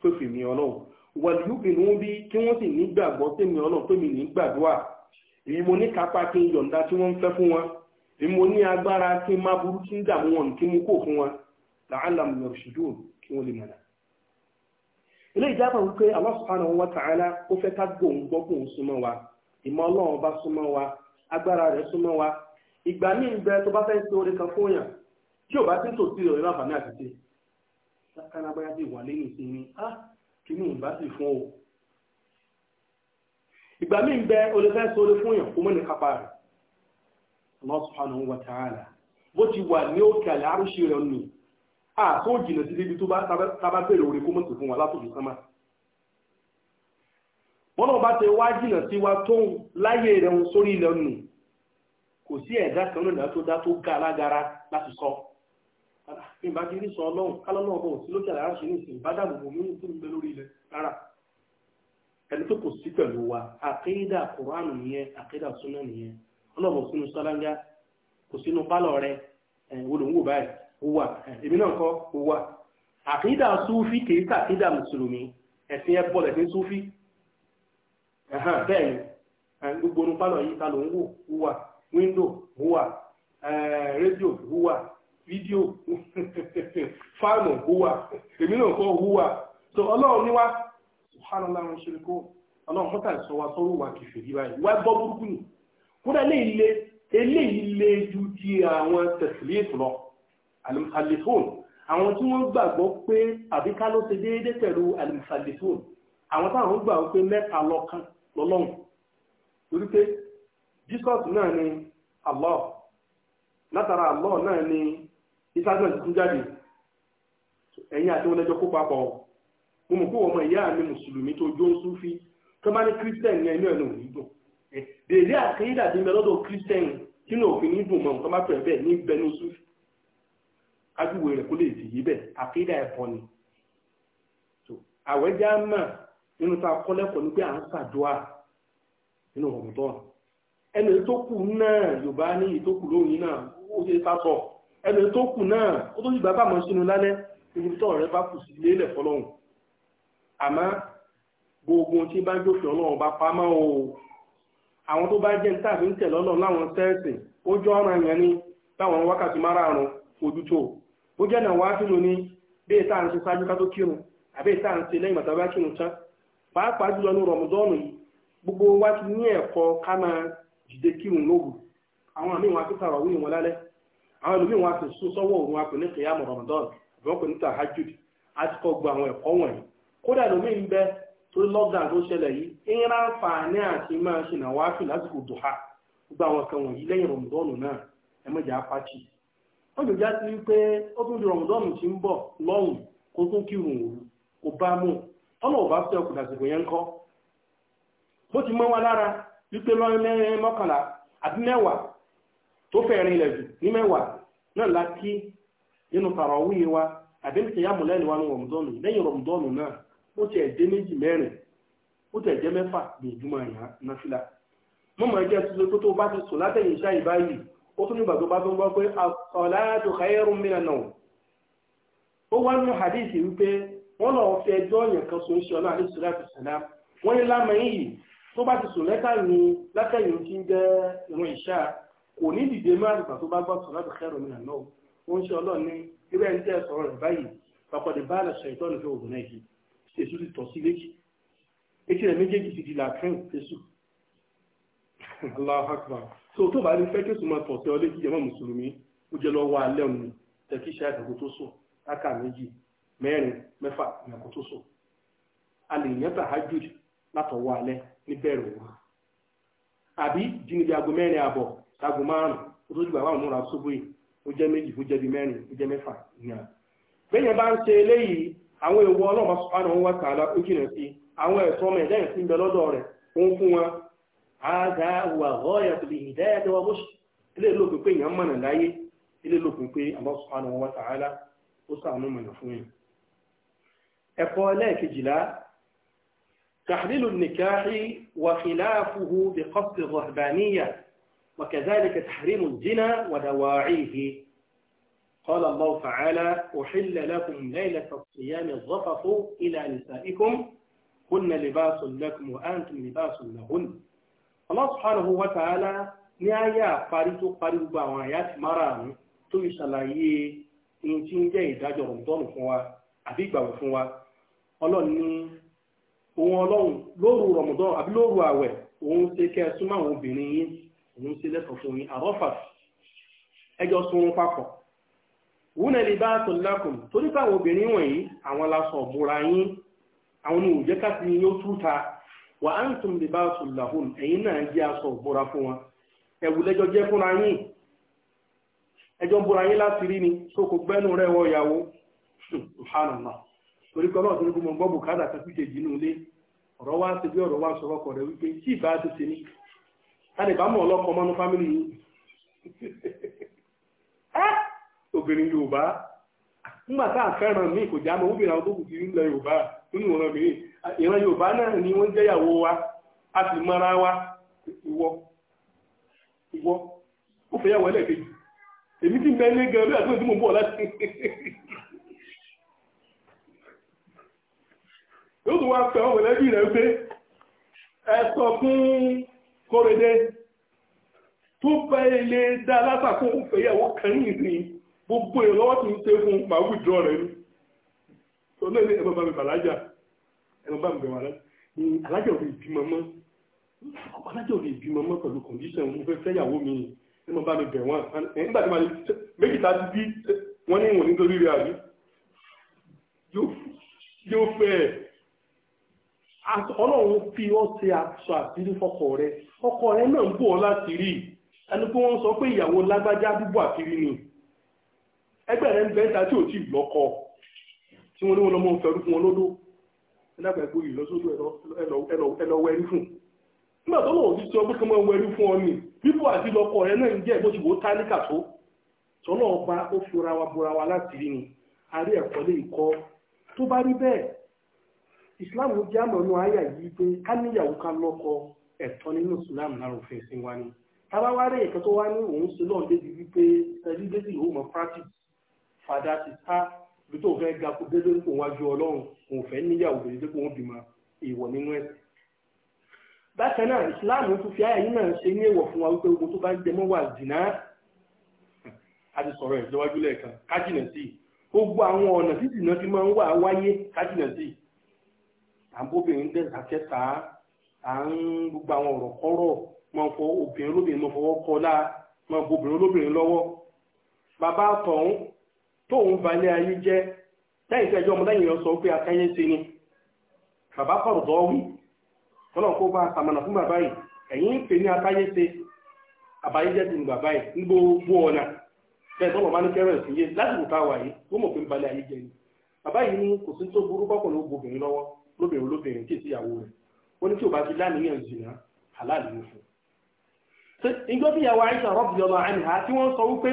fòfè ní ọlọ́run wàlúùkì ni wọ́n bí kí wọ́n sì nígbàgbọ́ sẹ́mi ọlọ́run tó mi ní gbàdúrà èyí mo ní kápá kí n yọ̀ǹda tí wọ́n ń fẹ́ fún wọn èyí mo ní agbára kí n má burú kí n dààmú wọn kí n kó fún wọn làálàm yọ̀ṣùdù kí wọ́n lè mọ̀nà. ilé ìjábọ̀ wípé Allah subhanahu wa ta'ala ó fẹ́ ká gbóhùn gbọ́ kóhùn súnmọ́ wa ìmọ̀ ọlọ́run bá súnmọ́ wa agbára rẹ̀ súnmọ́ wa ìgbà míì bẹ tó bá fẹ́ sọ orí kan fún yàn tí o bá tí ń tò sí ọ̀rẹ́ láǹfààní àtìsí kálábáyá sì wà lẹ́yìn ìsinmi á kínú ìbá sì fún o ìgbà míì bẹ olùfẹ́ sórí fún yàn fún mọ́nì kápá rẹ̀ Allah subhanahu wa ta'ala bó ti wà ní òkè àlẹ́ àrùsí rẹ̀ nù àtó jìnà sí ibi tó bá tábà bèrè orí kó mọ̀tò fún wa látòjú sánmà wọn náà bá ti wá jìnà sí wa tó láyé rẹ̀ sórí ilẹ̀ nù kò sí ẹ̀dá kan náà tó dá tó ga alágara láti sọ bí n bá ti rí sọ ọlọ́run kálọ́nà ọmọ òsì lókè àlàyé àṣírí ìsìn bá dàbò bò mí tó ń bẹ lórí ilẹ̀ rárá ẹni tó kò sí pẹ̀lú wa àkéédà kùránù nìyẹn àkéédà súnà nìyẹn ọlọ́run sínú sálángá kò sínú pálọ̀ rẹ olùwò báyìí ó wà èmi náà kọ́ ó wà àkéédà súfì kìí sàkéédà mùsùlùmí ẹ̀sìn ẹ bọ́ọ̀lù ẹ̀sìn súfì bẹ́ẹ̀ ni gbogbo fídíò fáànù húwà èmi náà kọ́ húwà tó ọlọ́run ní wá subhanallah wọn ṣe kó ọlọ́run mọ́tà sọ wa sọ́rọ̀ wà kìfì rí báyìí wá gbọ́ burúkú nù kódà eléyìí lé ju ti àwọn tẹ̀sílẹ̀tì lọ alimusalifon àwọn tí wọ́n gbàgbọ́ pé àbíká ló ṣe déédé pẹ̀lú alimusalifon àwọn táwọn gbàgbọ́ pé mẹ́ta lọ́kan lọ́lọ́run torí pé Jesus náà ni Allah látara Allah náà ni ìsájọ́ tuntun jáde ẹ̀yìn àti wọn lẹ́jọ́ kó papọ̀ mo mọ̀ pé ọmọ ìyá mi mùsùlùmí tó jó ń súnfí tó bá ní kírísítẹ̀nì ní ẹnu ẹ̀nà òní dùn dèdè àkéyídà ti ń bẹ lọ́dọ̀ kírísítẹ̀nì òfin ní dùn mọ̀ nǹkan bá pẹ̀ bẹ́ẹ̀ ní bẹnu súnfí ájúwe rẹ̀ kó lè dì yí bẹ́ẹ̀ àkéyídà ẹ̀bọ ni àwẹ̀ já mà nínú tá a kọ́ lẹ́kọ̀ọ́ ní pé à ń ṣàdúà nínú ọ̀rọ̀ tó ẹnu ìtókù náà Yorùbá ní ìtókù lóyún náà ó ṣe sá sọ̀rọ̀ ẹni tó kù náà ó tó sì bá bàmọ́ sínú lálẹ́ ibi tó ọ̀rẹ́ bá kù sí ilé fọlọ́hùn àmọ́ gbogbo ohun tí bá ń jófin ọlọ́run bá pamọ́ o àwọn tó bá jẹ́ níta fi ń láwọn sẹ́ẹ̀sì ó jọ ọ̀ràn yẹn ní láwọn wákàtí márààrún ojú tó ó jẹ́ náà wáá ní bẹ́ẹ̀ tá à ń ṣe ṣáájú ká tó kírun tá à gbogbo ti ní ẹ̀kọ́ ká máa àwọn àmì ìwọn àwọn ẹlòmíì wọn a sì sún sọ́wọ́ òun a pè ní kìyàmù Ramadan àbí wọn pè ní tahajud a ti gba àwọn ẹ̀kọ́ wọ̀nyí kódà ẹlòmíì ń bẹ torí lockdown tó ṣẹlẹ̀ yìí ìyẹn àǹfààní àti máa ṣe nà wáfì lásìkò dùhà gbogbo àwọn lẹ́yìn náà ẹ apáàtì wọ́n já sí ó tún di ń bọ̀ na la inu nínú tàràwí wa àbí ní kìyàmù lẹ́yìn wa ní rọ̀mùdọ́nù lẹ́yìn rọ̀mùdọ́nù náà ó ti ẹ̀jẹ̀ méjì mẹ́rin ó mo mọ̀ ẹ̀jẹ̀ tuntun tó tó bá ti sùn látẹ̀yìn iṣẹ́ ìbáyìí ó tún nígbà tó bá tó ń gbọ́ pé as-salatu nawm ó wá ní hadithi wípé lọ fi yẹn kan kò ní dìde má àgbà tó bá gbọ́ sọ̀rọ̀ àti kẹrù mi àná ó ń ṣe ọlọ́run ní irú ẹni tẹ́ sọ̀rọ̀ rẹ̀ báyìí pàkọ́dé bá àlàṣà ìtọ́ni fẹ́ òògùn náà yìí èṣù ti tọ̀ sí léjì etí rẹ̀ méjèèjì ti di làákàn èṣù Allahu Akbar so tó bá rí fẹ́ kí èṣù máa tọ̀ sí ọ mọ́ mùsùlùmí ó jẹ́ lọ́wọ́ alẹ́ òun tẹ̀kí ṣe àtàkùn tó sùn láka méjì mẹ́rin mẹ́fà ìyàkùn tó sùn a lè yẹn tahajjud látọ̀wọ́ alẹ́ níbẹ̀rẹ̀ òun àbí jínigbé mẹ́rin àbọ̀ sago márùn kó tó dìgbà báwọn múra ṣubú yìí ó jẹ́ méjì ó jẹ́ bíi mẹ́rin ó jẹ́ mẹ́fà nìyàn. bẹ́ẹ̀ bá ń ṣe eléyìí àwọn èèwọ̀ ọlọ́run subhanahu wa ta'ala ó jìnà sí àwọn ẹ̀tọ́ ọmọ ẹ̀dá ìsìn bẹ lọ́dọ̀ rẹ̀ ó ń fún wọn. àgà wà họ́ọ̀yà yẹn. ẹ̀kọ́ تحليل النكاح وخلافه بقصد الرهبانية وكذلك تحريم الزنا ودواعيه قال الله تعالى أحل لكم ليلة الصيام الظفف إلى نسائكم كن لباس لكم وأنتم لباس لهن الله سبحانه وتعالى نعيا قريت قريب بوايات مرام تويش الله إن تنجي داج رمضان فوا أبيك بابو فوا الله ني هو الله لورو رمضان أبي لورو أوي وهم سيكا سمع òun ṣe lẹ́tọ̀ fún yín àrọ́fà ẹjọ́ sunrun papọ̀ wúnà lè bá aṣọ lákùn torí pé àwọn obìnrin wọ̀nyí àwọn lásọ ọ̀bùra yín àwọn ni òjẹ́ káàsì yín yóò túta wà á ń tún lè bá aṣọ làhùn ẹ̀yin náà jẹ́ aṣọ ọ̀bùra fún wọn ẹ̀wù lẹ́jọ́ jẹ́ fúnra yín ẹjọ́ bùra yín láti rí ni tó kò gbẹ́nu rẹ̀ wọ ìyàwó ṣùhánàmà torí kọ́ lọ́ọ̀tún ní gbọ́ bùkátà kan fíjèjì a mọ̀ ọlọ́kọ̀ mọ́nú fámìlì yìí *laughs* obìnrin yorùbá nígbà tá à fẹ́ràn mí kò já mọ́ obìnrin àwọn tó kù sí ilẹ̀ yorùbá nínú ìran mìíràn ìran yorùbá náà ni wọ́n wa a sì mọ́ra wa ìwọ ìwọ ó fẹ́ yàwó ẹlẹ́ẹ̀kejì èmi ti bẹ́ẹ̀ ní gan bí àtúntò tí mo bọ̀ láti *laughs* yóò tún wá fẹ́ ọmọ rẹ̀ pé ẹ kórede tó bá ilé dá látàkó òfèyàwó kan ní ìsìn gbogbo ìrọwọ́ tó ń ṣe fún màá wùdúrọ̀ rẹ̀ ni tó náà ní ẹ̀bọ̀n bá mi bàlájà ẹ̀bọ̀n bá mi bẹ̀rẹ̀ wàlá ni alájà ò lè bímọ mọ́ alájà ò lè bímọ mọ́ pẹ̀lú kọ̀ǹdíṣàn mo fẹ́ fẹ́yàwó mi ẹ̀bọ̀n bá mi bẹ̀ wọ́n nígbà tí méjì tá a ti bí wọ́n ní ìwọ̀n nítorí rẹ̀ àbí yóò fẹ́ ẹ̀ ọlọ́run fi ọ́ ṣe aṣọ àṣírí fọkọ rẹ ọkọ rẹ náà ń bò ọ́ láti rí ẹni pé wọ́n sọ pé ìyàwó lágbájá bíbọ̀ àkiri ni ẹgbẹ́ rẹ ń bẹ́ ta tí ò tíì lọ́kọ tí wọ́n ní wọn lọ́mọ fẹ́rú fún wọn lódó ẹ̀dàgbà ẹ̀gbọ́ yìí lọ́sọ́dọ̀ ẹ̀lọ́wọ́ ẹ̀rí fún nígbà tó lọ́wọ́ ti sọ pé kí wọ́n wọ ẹ̀rí fún ọ nì bíbọ̀ àti lọ́kọ rẹ náà ń jẹ́ bó ti wò ó tálíkà tó tọ́lọ́ ọba ó fi ra wa bora wa láti rí ni a rí ẹ̀kọ́ lè kọ́ tó bá rí bẹ́ẹ̀ islam ló já mọ̀ nù àyà yìí pé ká níyàwó ká lọ́kọ ẹ̀tọ́ nínú islam náà òfin sí wa ni tábà wá rí ìkan tó wá ní òun sí náà débi wípé ẹbí débi ìhó mọ practice fàdà ti ta bí tó fẹ́ ga kó dédé kó wájú ọlọ́run kò fẹ́ níyàwó dédé kó wọ́n bímọ èèwọ̀ nínú ẹ̀sìn bákan náà ìsìláàmù tún fi àyà yìí náà ṣe ní èèwọ̀ fún wa wípé ogun tó bá ń jẹmọ́ wà dìná a ti sọ̀rọ̀ ìjọwájú lẹ́ẹ̀kan kájìnà sí gbogbo àwọn ọ̀nà tí dìná fi máa ń wà wáyé kájìnà sí à ń bóbìnrin à ń gbogbo àwọn ọ̀rọ̀ kọ́rọ̀ mọ fọ obìnrin olóbìnrin fọwọ́ kọlá obìnrin olóbìnrin lọ́wọ́ bàbá tọ̀hún tóun balẹ̀ ayé jẹ́ lẹ́yìn tí ẹjọ́ ọmọ lẹ́yìn pé ṣe ni bàbá kọ̀rọ̀ tọ́lọ̀ kó bá àtàmọ̀nà fún bàbá yìí ẹ̀yìn ń pè ní ṣe àbáyé jẹ́ bàbá yìí ní gbogbo ọ̀nà bẹ́ẹ̀ tọ́lọ̀ ní yé láti yìí tó mọ̀ lóbìnrin olóbìnrin tí ìsìyàwó rẹ̀ ó ní tí ò bá ti láníyàn zìnà halal ní fún ìjọ bí ìyàwó àìsàn rọ́bì ọmọ àìhà tí wọ́n sọ wípé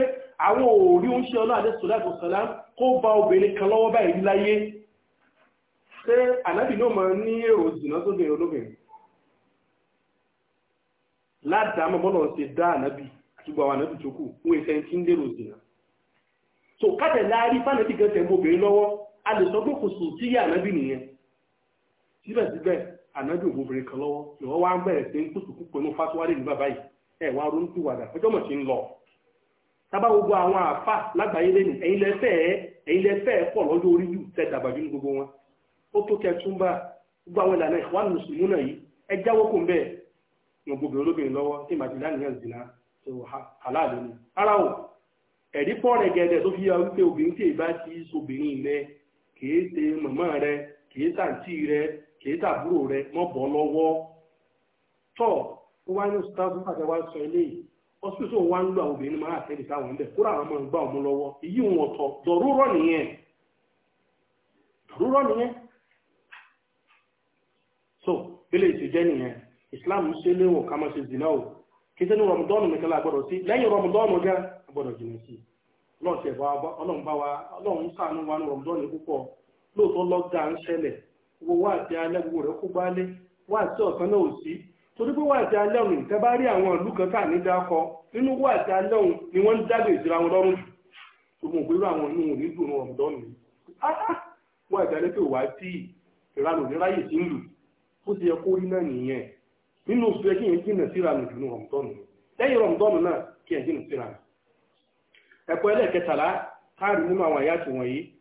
àwọn òòrí ń ṣe ọlọ́ àdẹ́sọ̀láàtò sàlám kó bá obìnrin kan lọ́wọ́ báyìí láyé ṣé ànábì náà máa ní èrò zìnà sóbìnrin olóbìnrin ládàámọ̀ bọ́nà ṣe dá ànábì àti gbọ́ àwọn ànábì tó kù fún iṣẹ́ tí ń lérò zìnà so káàtẹ̀ láàrí fánàbì gan mọ́ obìnrin lọ́wọ́ a lè sọ pé kò sùn sí ànábì nìyẹn síbẹ̀síbẹ̀ ànábì òbobìnrin kan lọ́wọ́ ìwọ́n wá ń bẹ̀rẹ̀ sí ń pùtùkù pẹ̀lú fásiwárì ní bàbá yìí ẹ̀ wá ronú tí wàdà ọjọ́ mọ̀ sí ń lọ. sábà gbogbo àwọn àfà lágbàáyé lẹ́nu ẹ̀yin lẹ́fẹ̀ ẹ̀yin lẹ́fẹ̀ pọ̀ lọ́jọ́ orí yìí tẹ́ dàgbàjú ní gbogbo wọn. ó tó kẹ túnbà gbogbo àwọn ìlànà ìwádìí mùsùlùmí náà yìí ẹ zina tó halálù ni. ara o ẹ̀rí pọ̀ rẹ̀ gẹ̀ẹ́dẹ̀ tó fi yà wípé obìnrin tí ì bá ti kìí dàbúrò rẹ mọ́ bọ́ lọ́wọ́ tọ́ ó wá ní ọ̀sítàbù àti wá sọ eléyìí hospital wa ń lo àwọn obìnrin máa àtẹ́lì táwọn ń bẹ̀ kúrò àwọn ọmọ ìgbà ọmọ lọ́wọ́ èyí wọn tọ́ dọ̀rúrọ̀ nìyẹn dọ̀rúrọ̀ so bẹ́lẹ̀ Islam o wo wá àti alẹ gbogbo rẹ̀ kó wa wá àti ọ̀sán náà ò sí torí pé wá àti alẹ́ ìtẹ́ bá rí àwọn ìlú kan tá ní dákọ nínú wá àti alẹ́ ni wọn lọ́rùn siri awọn àwọn inú òní dùn wọn ọ̀dọ́ mi wá àti alẹ́ pé wá sí ìranù níráyè sí ń lù ti yẹ kó rí náà nìyẹn nínú oṣù yẹn jìnnà jù ní lẹ́yìn náà kí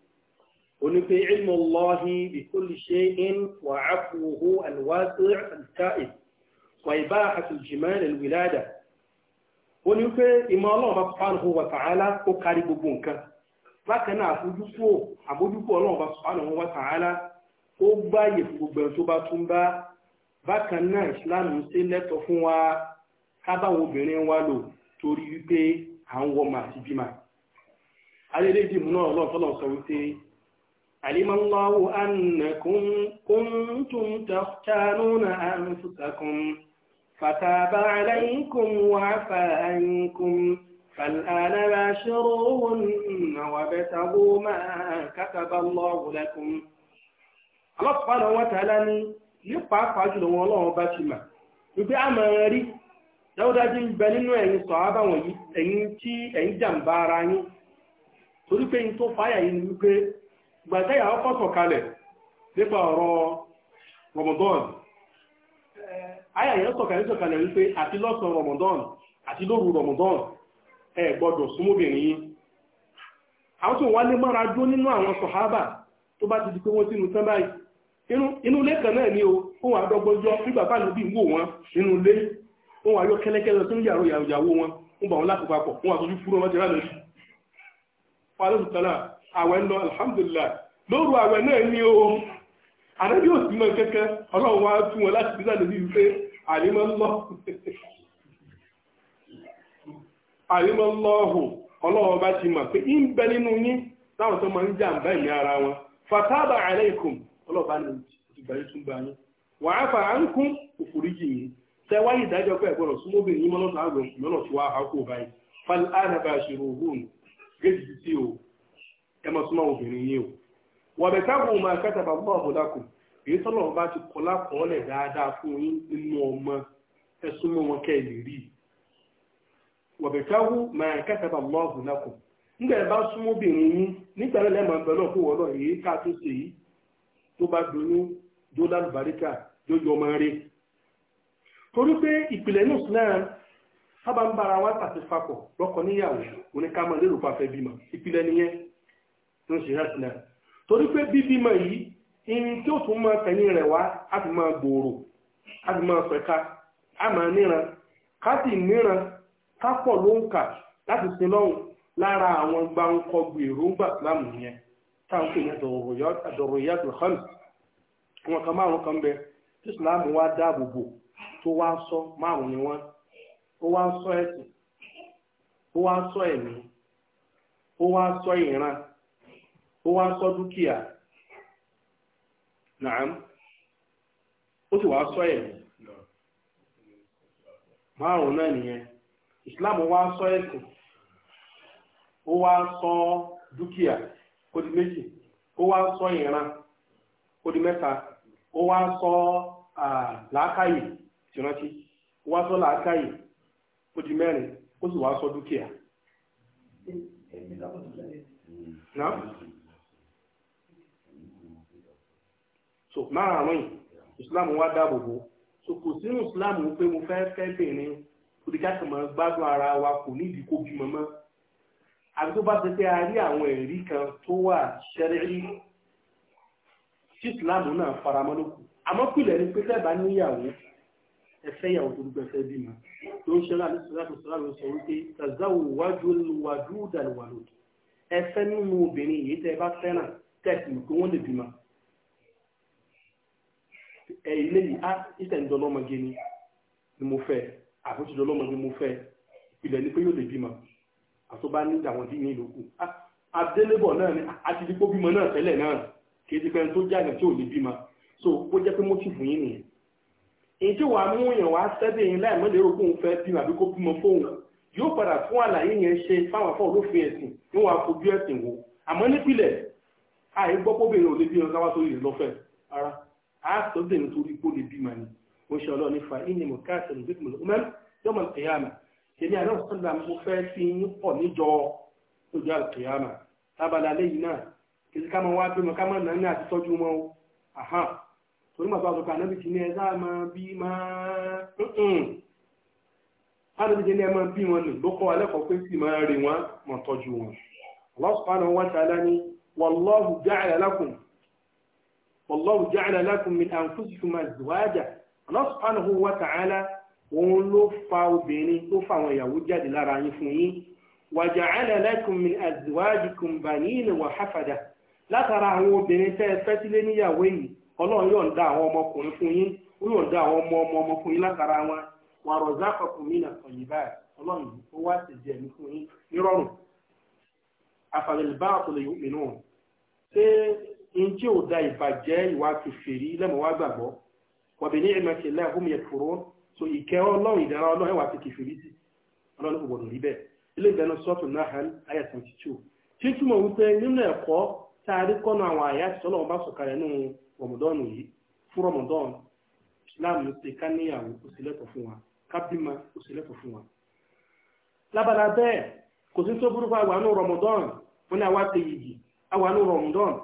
oní pé ilmu lọ́hí bí kò lè ṣe in wà áfúhó alwásí alkaid wà ìbá àtùjìmọ́ ìlúwìládà ó ní pé ìmọ̀ ọlọ́run subhanahu wa ta'ala ó kárí gbogbo nǹkan bákan náà àfojúfò àbójúfò ọlọ́run subhanahu wa ta'ala ó gbáyè fún gbogbo ẹ̀rọ tó bá tún bá علم الله أنكم كنتم تختانون أنفسكم فتاب عليكم وعفى عنكم فالآن باشروهن وابتغوا ما كتب الله لكم الله سبحانه وتعالى ní pàápàá jùlọ wọn ọlọ́run bá ti mà wípé a máa rí dáúdájú ń bẹ nínú ẹ̀yin sọ̀hábà wọ̀nyí ẹ̀yin tí ẹ̀yin jàǹbá ara yín torí pé yín tó fáyà yín wípé gbàtẹ́yà ọkọ̀ sọ̀kalẹ̀ nípa ọ̀rọ̀ Ramadan eh, ayàyẹ sọ̀kalẹ̀ sọ̀kalẹ̀ wípé àti lọ́sàn Ramadan àti lóru Ramadan ẹ gbọ́dọ̀ súnmóbìnrin yìí àwọn tó wà lè mọ́ra dó nínú àwọn sọ̀hábà tó bá ti di pé wọ́n sínú inú ilé kan náà ni ó wà dọ́gbọ́jọ́ nígbà bá lóbi wọn nínú ilé wà yọ kẹ́lẹ́kẹ́lẹ́ tó ń yàrá ìyàwó wọn bà wọn wọn wọn ti àwẹ̀ alhamdulillah lóru àwẹ̀ náà ní ohun ànábì ò sí mọ́ kẹ́kẹ́ ọlọ́run wá tún wọn láti bí sáré bíi pé àrímọ́ lọ ọlọ́run bá ti mọ̀ pé ń bẹ nínú yín tó máa ń jà ń bá ara wọn fataba aleikum ọlọ́run bá ní ìgbàlẹ̀ tún yín fà á ń kún ìdájọ́ yín àgbọ̀n báyìí fal o ẹ máa súnmọ́ obìnrin yín o wàbẹ̀tàgò máa kẹtàbà bọ́ àbúdákù èyí tọ́lọ̀ bá ti kọ́ lákọọ́lẹ̀ dáadáa fún yín nínú ọmọ ẹ súnmọ́ wọn kẹ́ ẹ lè rí wàbẹ̀tàgò máa kẹtàbà bọ́ àbúdákù nígbà ẹ bá súnmọ́ obìnrin yín nígbà náà lẹ́mọ̀ ẹgbẹ́ náà kó wọ́n lọ èyí ká tó ṣe yìí tó bá doyún jó lálùbáríkà jó yọ ọmọ rẹ̀ torí pé ìpìlẹ̀ nù náà sábà ń bára wọn tàti fakọ̀ lọ́kọ tó ṣe hẹ́sìnà torí pé bíbímọ yìí irin tí ó tún máa tẹ̀yìn rẹ̀ wá á fi máa gbòòrò á fi máa pẹ̀ka á máa níran ká sì níran ká pọ̀ ló ń kà láti sin lọ́hùn lára àwọn gbáǹkọ́gbù èròǹgbà láàmù yẹn táwọn pè ní àdọ̀rọ̀yàtò hàn wọn kan márùn kan bẹ tí ìsìláàmù wá dáàbò bò tó wá sọ márùn ni wọn ó wá sọ ẹ̀sìn ó wá sọ ẹ̀mí ó wá sọ ìran ó wá sọ dúkìá nàám ó sì wá sọ ẹ̀mí márùn náà nìyẹn Islam wá sọ ẹ̀sìn ó wá sọ dúkìá ó di méjì ó wá sọ ìran ó di mẹ́ta ó wá sọ làákàyè tìrántí ó wá sọ làákàyè ó di mẹ́rin ó sì wá sọ dúkìá. Naam. so márààrún yìí islam wá dáàbò bò so kò sínú islam pé mo fẹ́ fẹ́ bìnrin oníkàkùn máa gbádùn ara wa kò nídìí kó bímọ mọ́ àti tó bá ṣe pé a rí àwọn ẹ̀rí kan tó wà ṣẹ́rẹ́rí tí islam náà faramọ́ lókù àmọ́ pìlẹ̀ ni pé tẹ́ẹ̀bá níyàwó ẹ̀fẹ́ ìyàwó tó dúpẹ́ fẹ́ bímọ tó ń ṣe láti sọ́dọ̀ sọ́dọ̀ sọ wípé tàzáwò wájú wájú ẹ̀fẹ́ nínú obìnrin yìí tẹ́ bá fẹ́ràn tẹ́ẹ̀sì mọ̀ wọ́n lè bímọ ẹ ilé yìí á ah, ìtẹ̀ǹdọ́lọ́mọge ni mo fẹ́ àfojúdọ́lọ́mọge mo fẹ́ ìpìlẹ̀ ni pé yóò lè bímọ àtọ́bá ní àwọn dín ní ìlókù àdélébọ̀ ah, náà ni àti ah, dípò bímọ náà tẹ́lẹ̀ náà kì í ti pẹ́ni tó jáde tí ò lè bímọ so ó jẹ́ pé mo ti fún yín nìyẹn èyí tí wàá mú èèyàn wá sẹ́dẹ̀ yín láì mọ́lẹ́rò kóun fẹ́ bímọ àbí kó bímọ fóun yóò padà fún àlàyé yẹn ṣe fáwọn afọ olófin ẹ̀sìn ní wọn àfojú ẹ̀sìn wo àmọ́ nípìnlẹ̀ àìgbọ́pọ̀ bèèrè òde bí wọn káwá sórí ìlọ́fẹ́ ara àtọ́bẹ̀ nítorí kó lè bímọ ni mo ṣe ọlọ́ọ̀ni fa ìní mo káàtẹ̀ ní bíbélì ọmọ yọmọ kìyàmà èmi àná sọ́dà mo fẹ́ fi yín pọ̀ níjọ lójú àkìyàmà tábàlà lẹ́yìn náà kìí ká máa wá bímọ ká máa nàní àti tọ́jú mọ́ o àhán torí màtọ́ àtọ́kọ ànábì ti ní ẹ sáà máa bí máa ànábì ti ní máa bí wọn nù ló kọ́ pé sì máa rè wọn mọ̀ tọ́jú wọn. Allah subhanahu wa ta'ala ni wallahu ja'ala lakum wallahu ja'ala lakum min anfusikum azwaja Allah subhanahu wa ta'ala òun ló fa obìnrin ló fa àwọn ìyàwó jáde lára yín fún yín wa ja'ala lakum min azwajikum banina wa hafada látara àwọn obìnrin tẹ́ ẹ fẹ́ sílé níyàwó yìí ọlọ́run yóò da àwọn ọmọkùnrin fún yín ó yóò da àwọn ọmọ ọmọ ọmọ fún yín látara wọn wa razaqakum mina tayyibat ọlọ́run ó wá ṣèjì ẹ̀mí fún yín nírọ̀rùn afalil batil yu'minun ṣé njẹ́ ò da ìbàjẹ́ ìwà kèfèrí lẹ́mọ̀ wá gbàgbọ́ ní ẹ̀mẹ́ ti lẹ́hùn mi so ìkẹ́ ọlọ́run ìdára ọlọ́run ẹ̀wà ti kèfèrí sí ọlọ́run kò gbọdọ̀ rí bẹ́ẹ̀ ilé ìdáná sọ́ọ̀tù Nahl ayé twenty two tí nínú ẹ̀kọ́ tá a rí kọ́nà àwọn àyà tí ọlọ́run bá sọ̀kalẹ̀ rọmọdọ́ọ̀nù yìí fún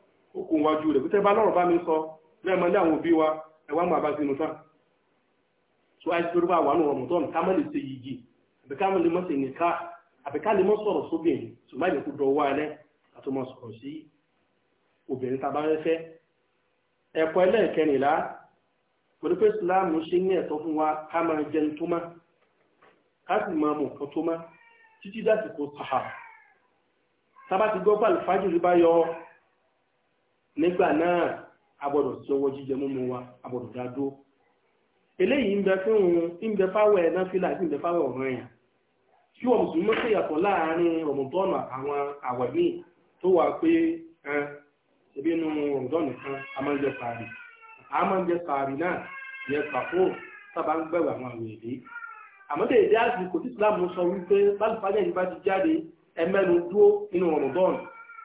ó kó wájú rẹ̀ pété bá lọ́rọ̀ bá mi sọ bẹ́ẹ̀ mọ́ ní àwọn òbí wa ẹ wá mú abá sínú tán so àìsí lórí bá wà ní ọmọ tọ́nù ká má lè ṣe yìí àbí ká má lè mọ́ sí nìka àbí ká lè mọ́ sọ̀rọ̀ pẹ̀lú pé ìsìláàmù ṣe ní ẹ̀tọ́ fún wa ká máa jẹun tó má ká sì máa mọ̀ nǹkan tó má títí dásìkò sàhà tábà ti gbọ́ pàlùfájìrì bá yọ nígbà náà abọ̀dọ̀ tí ọwọ́ jíjẹ múmu wa abọ̀dọ̀ dá dúró eléyìí ń bẹ fún un ń bẹ fáwọ ẹ̀ náà fílà sí ń bẹ fáwọ ọ̀ràn yẹn kí wọ́n mùsùlùmí mọ́ ṣèyàtọ̀ láàárín rọ̀mùtọ́nù àwọn àwẹ̀ míì tó wà pé ṣebí inú rọ̀mùtọ́nù kan a máa ń jẹ sàárì a máa ń jẹ sàárì náà yẹ pàkó sábà ń gbẹ̀rù àwọn àwẹ̀ èdè àmọ́dé èdè àti kò Islam sọ wípé bá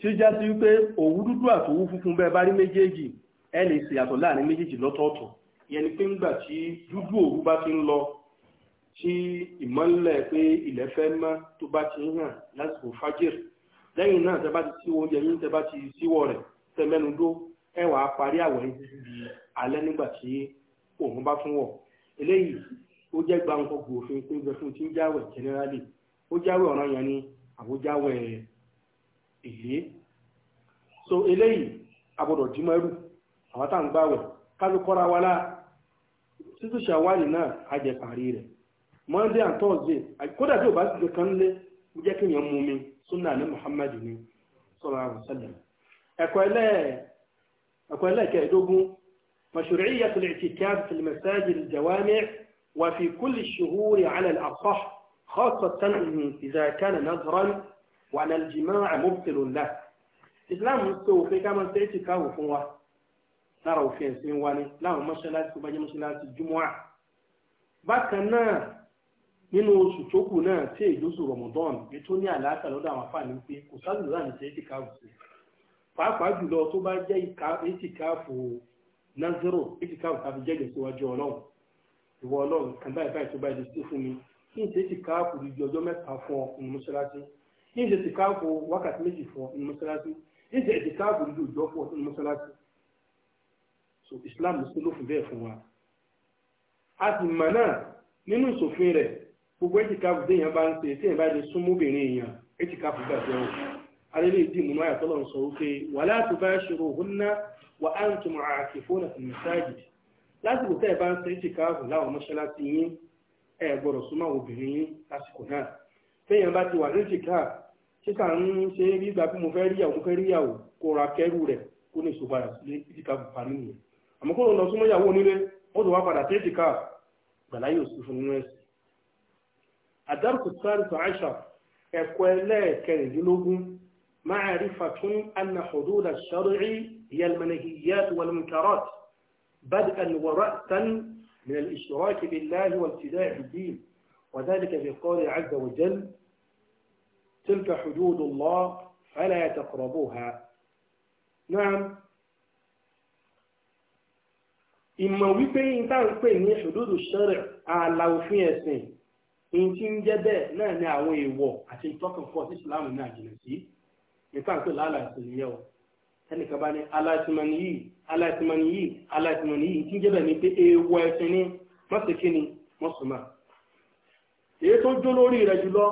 tí ó já sí wípé òwú dúdú àtòwú funfun bẹ́ẹ̀ bá rí méjèèjì ẹ lè ṣèyàtọ̀ láàrin méjèèjì lọ́tọ̀ọ̀tọ̀ ìyẹn ni pé ńgbà tí dúdú òwú bá ti ń lọ tí ìmọ́lẹ̀ pé ilẹ̀ fẹ́ mọ́ tó bá ti hàn lásìkò fájìr lẹ́yìn náà tẹ́ bá ti síwọ́ oúnjẹ yín tẹ́ bá ti síwọ́ rẹ̀ tẹ́ mẹ́nu dó ẹ wàá parí àwẹ̀ yín títí di alẹ́ nígbà tí òun bá tún wọ̀ eléyìí ó jẹ́ gbàǹkọ̀ gbòòfin pé bẹ́ẹ̀ fún ti ń jáwẹ̀ generally ó jáwẹ̀ ọ̀ranyàn ni àbójáwẹ̀ èlé so eléyìí agbọ́dọ̀ dímọ́ àwọn tá à ń gbàwẹ̀ kálukọ́ra wa lá títí ṣàwárì náà parí rẹ̀ monday and thursday kódà tí o bá ti kan lé jẹ́ kí yàn mú mi sunna ní muhammadu ni sallallahu alaihi wasallam ẹ̀kọ́ ẹlẹ́ẹ̀kẹ́ẹ̀dógún مشروعية الاعتكاف في المساجد الجوامع وفي كل الشهور على الأصح خاصة إذا كان نظرا wà ní aljimá àmúbtìlùlá islam ń sọ òfin ká máa ṣe é ti káwò fún wa lára òfin ẹ̀sìn wa ni láwọn mọ́ṣáláṣí tó bá jẹ́ mọ́ṣáláṣí júmọ́à bákan náà nínú oṣù tó kù náà tí èdòsù rọmọdán ní tó ní àlàáfíà lọ́dọ̀ àwọn afáàní pé kò sáàlù láàrin ṣe é ti káwò sí pàápàá jùlọ tó bá jẹ́ ìtìkáàfù nazero ìtìkáàfù tàbí jẹ́ ìgbésíwájú ọlọ́run ìwọ ọlọ́run kàn báyìí báyìí tó báyìí lè ní ṣe ti káàkó wákàtí méjì fún ọ ní mọ́ṣáláṣí ní ṣe ti káàkó ìlú ìjọ fún ọ ní mọ́ṣáláṣí so Islam ló fi bẹ́ẹ̀ fún wa a sì mọ̀ náà nínú ìṣòfin rẹ̀ gbogbo ẹ̀tìkáàfù déèyàn bá ń ṣe tí èèyàn bá lè súnmọ́ obìnrin èèyàn ẹ̀tìkáàfù gbàgbé wọn alẹ́lẹ́ ìdí ìmúná àyàtọ̀ lọ́n sọ wípé wà láti bá ṣòro hunna wà á ń tún àkìfóònà fún mẹ́sáàjì lásìkò tẹ́ ẹ bá ń ṣe ẹ̀tìkáàfù láwọn mọ́ṣáláṣí yín ẹ gbọ́dọ̀ súnmọ́ obìnrin yín lásìkò náà téèyàn bá ti wà ní ìsìnká sísà ń ṣe bí ìgbà pé mo fẹ́ rí ìyàwó fẹ́ rí ìyàwó kó ra kẹ́rù rẹ̀ kó ní ìṣòfò àyàsílẹ̀ ìdíkà bùpà nìyẹn àmọ́ kó lọ súnmọ́ ìyàwó onílé wọ́n tó wá padà sí ìsìnká gbàlá yóò fún nínú ẹ̀sìn. àdárùkù sáré àṣà ẹ̀kọ́ ẹlẹ́ẹ̀kẹrìndínlógún معرفة أن حدود الشرع هي المنهيات والمنكرات بدءا وذلك في قوله عز وجل تلك حدود الله فلا تقربوها نعم ìmọ̀ wípé yìí tá ń pè ní ṣòdòdò ṣẹ́rẹ̀ ààlà ẹ̀sìn èyí tí ń jẹ́ bẹ́ẹ̀ náà ní àwọn èèwọ̀ àti ìtọ́kànfọ́ sí ìsìláàmù náà jìnnà sí nípa àpè lálà ẹ̀sìn yẹn o ẹnìkan bá ní aláìsímọ́ni yìí aláìsímọ́ni yìí aláìsímọ́ni yìí tí ń jẹ́ bẹ́ẹ̀ ni pé èèwọ̀ ẹ̀sìn ni mọ́sẹ̀kí ni mọ́sùmá èyí tó jó lórí jùlọ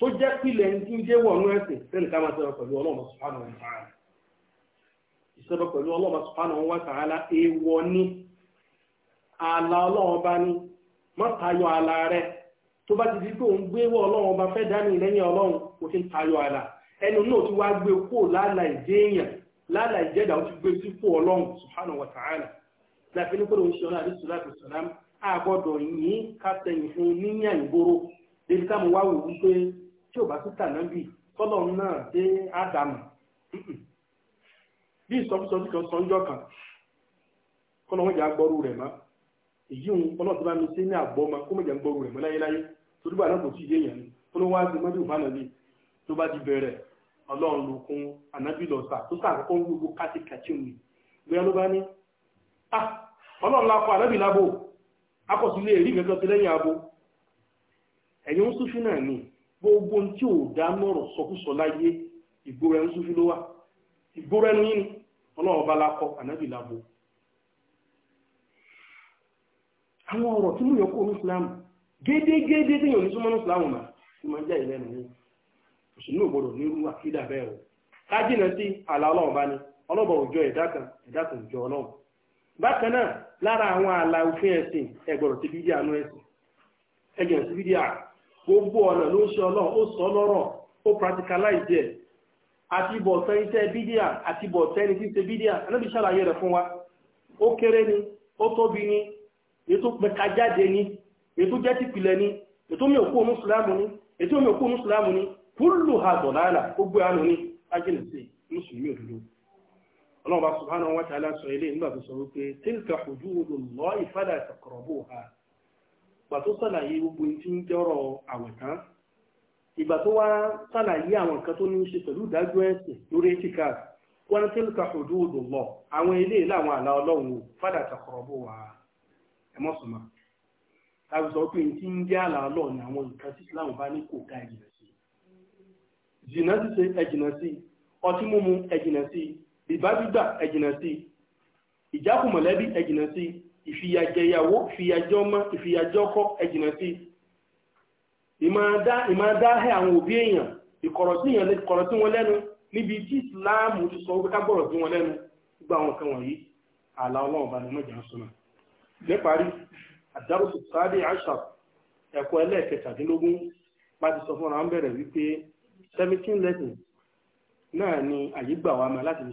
tó jẹ́ pílẹ̀ ní jẹ́ wọ̀nú ẹ̀sìn tẹ́lẹ̀ ká máa sọ̀rọ̀ pẹ̀lú ọlọ́mọ subhanahu wa ta'ala ìsọ̀rọ̀ pẹ̀lú ọlọ́mọ subhanahu ni ala ọlọ́wọ́n bá ní má tayọ ala rẹ tó bá ti di pé òun gbé wọ ọlọ́wọ́n bá fẹ́ dání lẹ́yìn ọlọ́run kò sí tayọ ẹnu náà ti wá gbé kó lálà ìdé èèyàn lálà ìjẹ́dà ó ti gbé sí ọlọ́run wa ní ń ṣe àgbọ̀dọ̀ yìí ká tẹ̀yìn fún tí ò bá tún tà náà bì tọ́lọ̀ náà dé ádámù bí ìsọfúnsọ tí kan sọ́njọ́ kan kọ́nà jà gbọ́rú rẹ̀ mọ́ èyí òun tó bá mi sí ní àgbọ́ ma kó mọ̀jà gbọ́rú rẹ̀ mọ́ láyéláyé torí kò yéèyàn ni tó mmadụ wá sí mọ́jú ìfànàbí tó bá ti bẹ̀rẹ̀ ọlọ́run lọ́sà tó sà gbogbo bóyá ló bá ní ah, ọlọ́run ẹ̀yin ń náà gbogbo tí ò dá nọ̀rọ̀ sọkúsọ láyé ìgboro ẹnu sófin ló wà ẹnu yín bá lakọ ànábì labo àwọn ọ̀rọ̀ tí mú yọkọ̀ ní islam gédégédé tí yóò ní súnmọ́ ní islam náà tí máa jẹ́ ìlẹ́nu òṣèlú nírú àkídà bẹ́ẹ̀ o kájínà sí àlà lára àwọn àlà òfin ẹ̀sìn ti bídí àánú ẹ̀sìn gbogbo ọ̀nà ló ń ṣe ọlọ́run ó sọ lọ́rọ̀ ó practicalize ẹ̀ àti ati sẹ́ni tẹ́ bídíà àti bọ̀ sẹ́ni tí ń ṣe bídíà anábì ṣàlàyé rẹ̀ fún wa ó kéré ni ó tóbi ni ètò jáde ni ètò jẹ́ tìpìlẹ̀ ni ètò mi ò ni ètò mi ò kú mùsùlámù ni kúlù ha dọ̀láàlà gbogbo àánú ni ájìnà sí mùsùlùmí ọlọ́run bá ilé nígbà tó sọ wípé ìgbà tó sàlàyé gbogbo tí ń jọrọ àwẹ̀ tán ìgbà tó wá sàlàyé àwọn nǹkan tó ní í ṣe pẹ̀lú ìdájọ́ ẹ̀sìn lórí etika wọn tí ń ka òdu odò lọ àwọn ilé láwọn àlá ọlọ́run fádà tàkọ̀rọ̀bọ̀ wà ẹ̀mọ́sùnmá láti sọ pé tí ń jẹ́ àlá ọlọ́run àwọn nǹkan tí islam bá ní kò ká ẹ̀jìnà sí jìnà sí ẹ̀jìnà sí ọtí mímu ẹ̀jìnà sí ìbá ẹ̀jìnà sí ìjákùmọ̀lẹ́bí ẹ̀jìnà sí ìfìyàjẹyàwó ìfìyàjẹ ọmọ ìfìyàjẹ ọkọ ẹ̀jìnà sí ìmáadáhẹ́ àwọn òbí èèyàn ìkọ̀rọ̀ sí wọn lẹ́nu níbi tí ìsìláàmù ti sọ wípé gbọ́rọ̀ sí wọn lẹ́nu gbogbo àwọn kan wọ̀nyí àlà ọlọ́run bá ní mọ́jà ń sọnà níparí àdáròsù sáàdì seventeen lessons náà ni àyígbà wa máa láti fi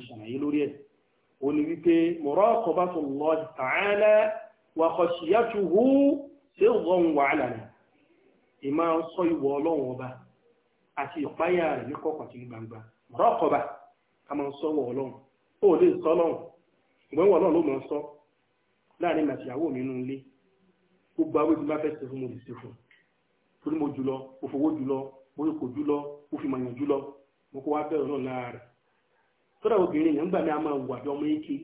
ó ní wípé muraqabatullahi ta'ala wa khashiyatuhu sirran wa alana ìmọ̀ sọ ìwọ ọlọ́run ọba àti ìpáyà rẹ̀ ní kọ̀kọ̀ àti ní gbangba muraqaba a máa sọ ìwọ ọlọ́run ó lè sọ ọlọ́run ìwọ ìwọ ọlọ́run ló máa sọ láàrin màtìyàwó mi nínú ilé tọrọ obìnrin yẹn gbà ní a máa wàjọ bí ọmọ eke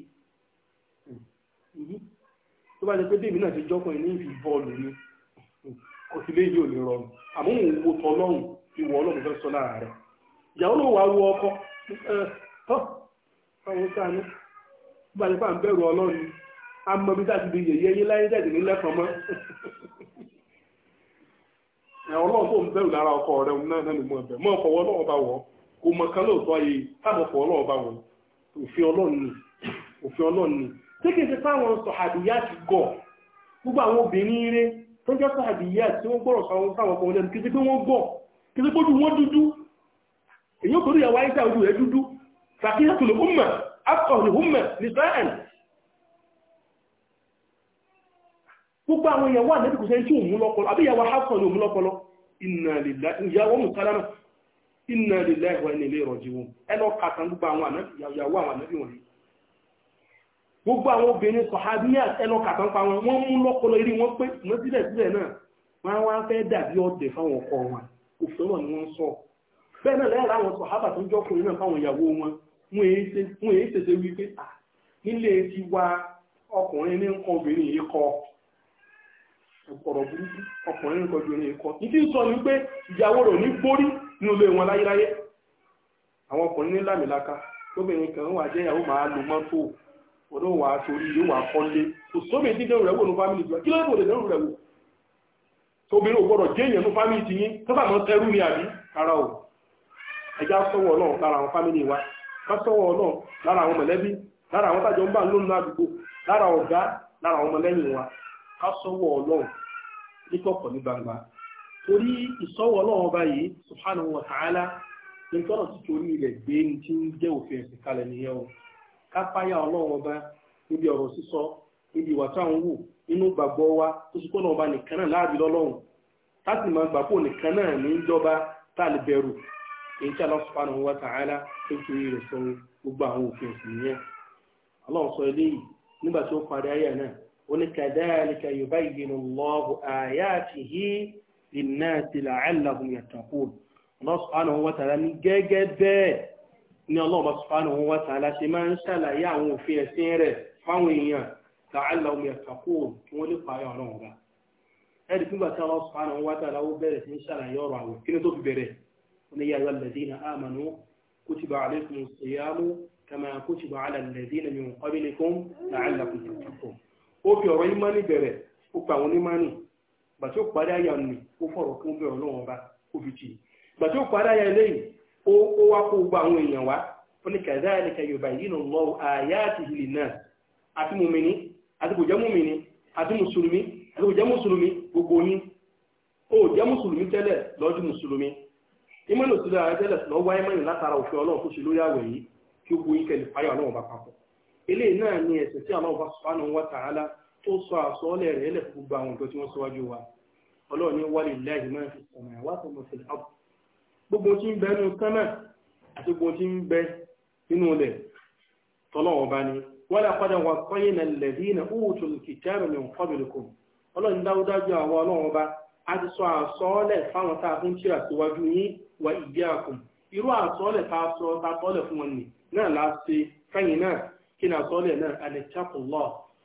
mm-hmm. tó bá jẹ pé bèbí náà ti jọkùnrin ní bọ́ọ̀lù ni kò sí léyìí ò ní rọrùn àmọ́ òun wo tọ́ sọ lára rẹ̀ ìyàwó náà wàá wo ọkọ tọ́ àwọn a mọ bí ti di yín láyé jáde ní mọ́ *laughs* ọlọ́run tó ń bẹ̀rù lára ọkọ rẹ̀ náà mo bẹ̀ kò mọ̀ tábọ̀fọ̀ ọlọ́ọ̀bá wọn òfin ọlọ́ọ̀ni òfin táwọn sọ̀hàdìyà ti gọ̀ gbogbo àwọn obìnrin rẹ tó sọ̀hàdìyà tí wọ́n gbọ́rọ̀ sáwọn sáwọn ọkọ̀ lẹ́nu kìí pé wọ́n gọ̀ kìí ṣe pójú dúdú èyí ìyàwó ayé sáwọn ojú rẹ dúdú sàkíyàtò akọ̀ gbogbo àwọn ìyàwó sẹ́yìn tí òun àbí ìyàwó inna lillahi wa inna ilayhi raji'un ẹ lọ kàtà gbogbo àwọn ìyàwó àwọn ànábì wọ̀nyí gbogbo àwọn obìnrin sọ̀hábíyà ẹ lọ kàtà ń pa wọn wọ́n mú lọ́pọlọ eré wọn pé wọ́n sílẹ̀ sílẹ̀ náà wọ́n ọkọ n'ile ti ọkùnrin ní nǹkan obìnrin yìí ní nǹkan obìnrin yìí kọ sọ ni pé ìyàwó rẹ̀ ò nínú ilé wọn láyéláyé àwọn ọkùnrin ní làmìlaka lóbìnrin kan wà jẹ́ ìyàwó máa lo mọ́tò ọdún wà á torí yóò wà á kọ́lé kò sóbì tí rẹ̀ wò ní fámìlì kí rẹ̀ wò tóbìnrin ò ní fámìlì ti yín tó àbí ẹja náà lára àwọn fámìlì wa ká sọ́wọ́ náà lára àwọn mọ̀lẹ́bí lára àwọn tàjọ ń bá lónìí àdúgbò lára ọ̀gá lára àwọn wa ká nítọ̀kọ̀ ní torí ìsọ́wọ́ ọlọ́run ọba yìí subhanahu wa ta'ala ní tọ́nà ti torí ilẹ̀ gbé ní tí ń jẹ́ òfin ẹ̀sìn kalẹ̀ ọba níbi ọ̀rọ̀ sísọ níbi ìwà táwọn wù nínú tó kọ́nà ọba nìkan náà láàbí lọ́lọ́run láti nìkan náà ní tá a lè bẹ̀rù èyí tí Allah subhanahu wa ta'ala tó torí sọ gbogbo àwọn òfin ẹ̀sìn nìyẹn sọ eléyìí nígbà tí ó parí linnasi la'allahum yattaqun Allah subhanahu wa ta'ala ní gẹ́gẹ́ bẹ́ẹ̀ ni Allah subhanahu wa ta'ala ṣe máa ń ṣàlàyé àwọn òfin ẹ̀sìn rẹ̀ fáwọn èèyàn la'allahum yattaqun kí wọ́n lè pààyà ọ̀rọ̀ ọ̀gá ẹ̀rí fúgbà tí Allah subhanahu wa ta'ala ó bẹ̀rẹ̀ sí ń ṣàlàyé ọ̀rọ̀ àwẹ̀ kí ni tó fi bẹ̀rẹ̀ ní ya ayyuhal ladhina amanu kutiba alaykumus siyamu kama kutiba ala alladhina min qablikum la'allakum tattaqun ó fi ọ̀rọ̀ ìmánì bẹ̀rẹ̀ ó pa àwọn onímánì gbàtí ó parí àyà nì ó fọ̀rọ̀ fún bẹ́ẹ̀ ọlọ́run ọba ó fi tì í gbàtí ó parí àyà eléyìí ó wá kó gbogbo àwọn èèyàn wá ó ní kàdá ẹni kẹyọba yìí nà lọ àyà àti ìlì náà àti àti gbogbo yín ó jẹ́ mùsùlùmí tẹ́lẹ̀ mùsùlùmí tẹ́lẹ̀ tó sọ àsọọ́lẹ̀ rẹ̀ lẹ̀ fún gbogbo àwọn nǹkan tí wọ́n síwájú wa ọlọ́run wálé láì máa fi sọ̀rọ̀ àwa tó mọ̀ sí àpò gbogbo tí ń bẹ nínú kánà àti gbogbo tí ń bẹ nínú ilẹ̀ tọ́lọ́wọ́n bá ní wọ́n lè padà wà kọ́yé na lẹ́bí na ní àwọn bá a ti sọ fáwọn tá a síwájú yín wa irú tá a sọ tá a fún wọn náà láti kẹ́yìn náà kí ni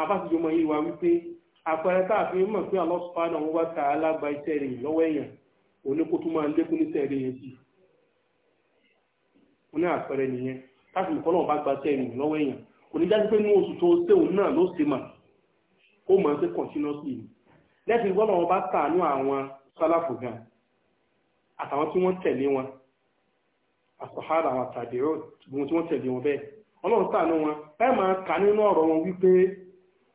àbáṣejọ mọ ìwà wípé àpẹẹrẹ káàfin mọ̀ pé Allah subhanahu wa ta'ala gba iṣẹ́ rẹ̀ lọ́wọ́ èèyàn òní kó tún máa ń lékún níṣẹ́ rẹ̀ yẹn sí òní àpẹẹrẹ nìyẹn bá gba iṣẹ́ rẹ̀ lọ́wọ́ èèyàn òní jáde pé ní oṣù tó ṣe náà ló ṣe mà ó mọ̀ ṣe continuously lẹ́sìn bá tàánú àwọn àtàwọn tí wọn àwọn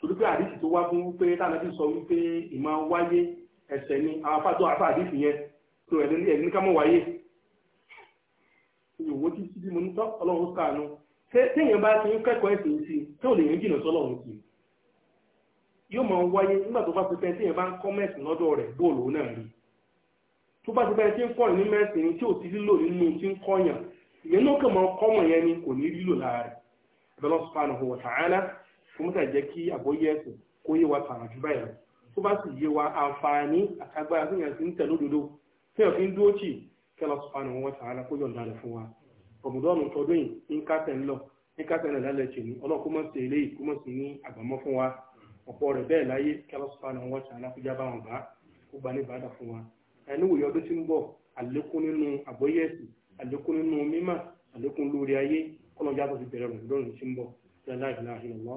torí pé àdìsí tó wá fún wípé tánàbí sọ wípé ìmọ̀ wáyé ẹsẹ̀ ni àwọn afáàtọ̀ afá àdìsí yẹn tó ẹ̀dẹ̀ ní ká mọ̀ wáyé ìyòwó tí sí bí mo ní tọ́ ọlọ́run káàánú téèyàn bá ti ń kẹ́kọ̀ọ́ ẹ̀sìn sí i tó lè yín jìnnà sọ́lọ́run sí i yóò máa wáyé nígbà tó bá ti fẹ́ téèyàn bá ń kọ́ mẹ́sìn lọ́dọ̀ rẹ̀ bóòlù náà rí tó bá ti fẹ́ tí ń kọ́ ní mẹ́sìn tí ò ti lílò nínú tí ń kọ́yàn ìyẹn náà ní lílò kí wọ́n ki jẹ́ kí àgbóyé ẹ̀sìn kó yé wa tààrà jù báyìí lọ tó bá sì yé wa àǹfààní àtagbára tó yẹn ti ń tẹ̀lé òdodo tí òfin dúró tì kẹlọ sùpánù wọn tààrà kó yọ̀ǹda rẹ̀ fún wa rọ̀mùdọ́nù tọdún yìí ń kásẹ̀ ńlọ ń kásẹ̀ ńlọ lálẹ́ tì ní ọlọ́run kó mọ̀ sí ní àgbàmọ́ fún wa ọ̀pọ̀ rẹ̀ bẹ́ẹ̀ láyé kẹlọ sùpánù wọn tààrà kó wọn gba wa ẹni wòye ọdún tí ń bọ̀ àlékún nínú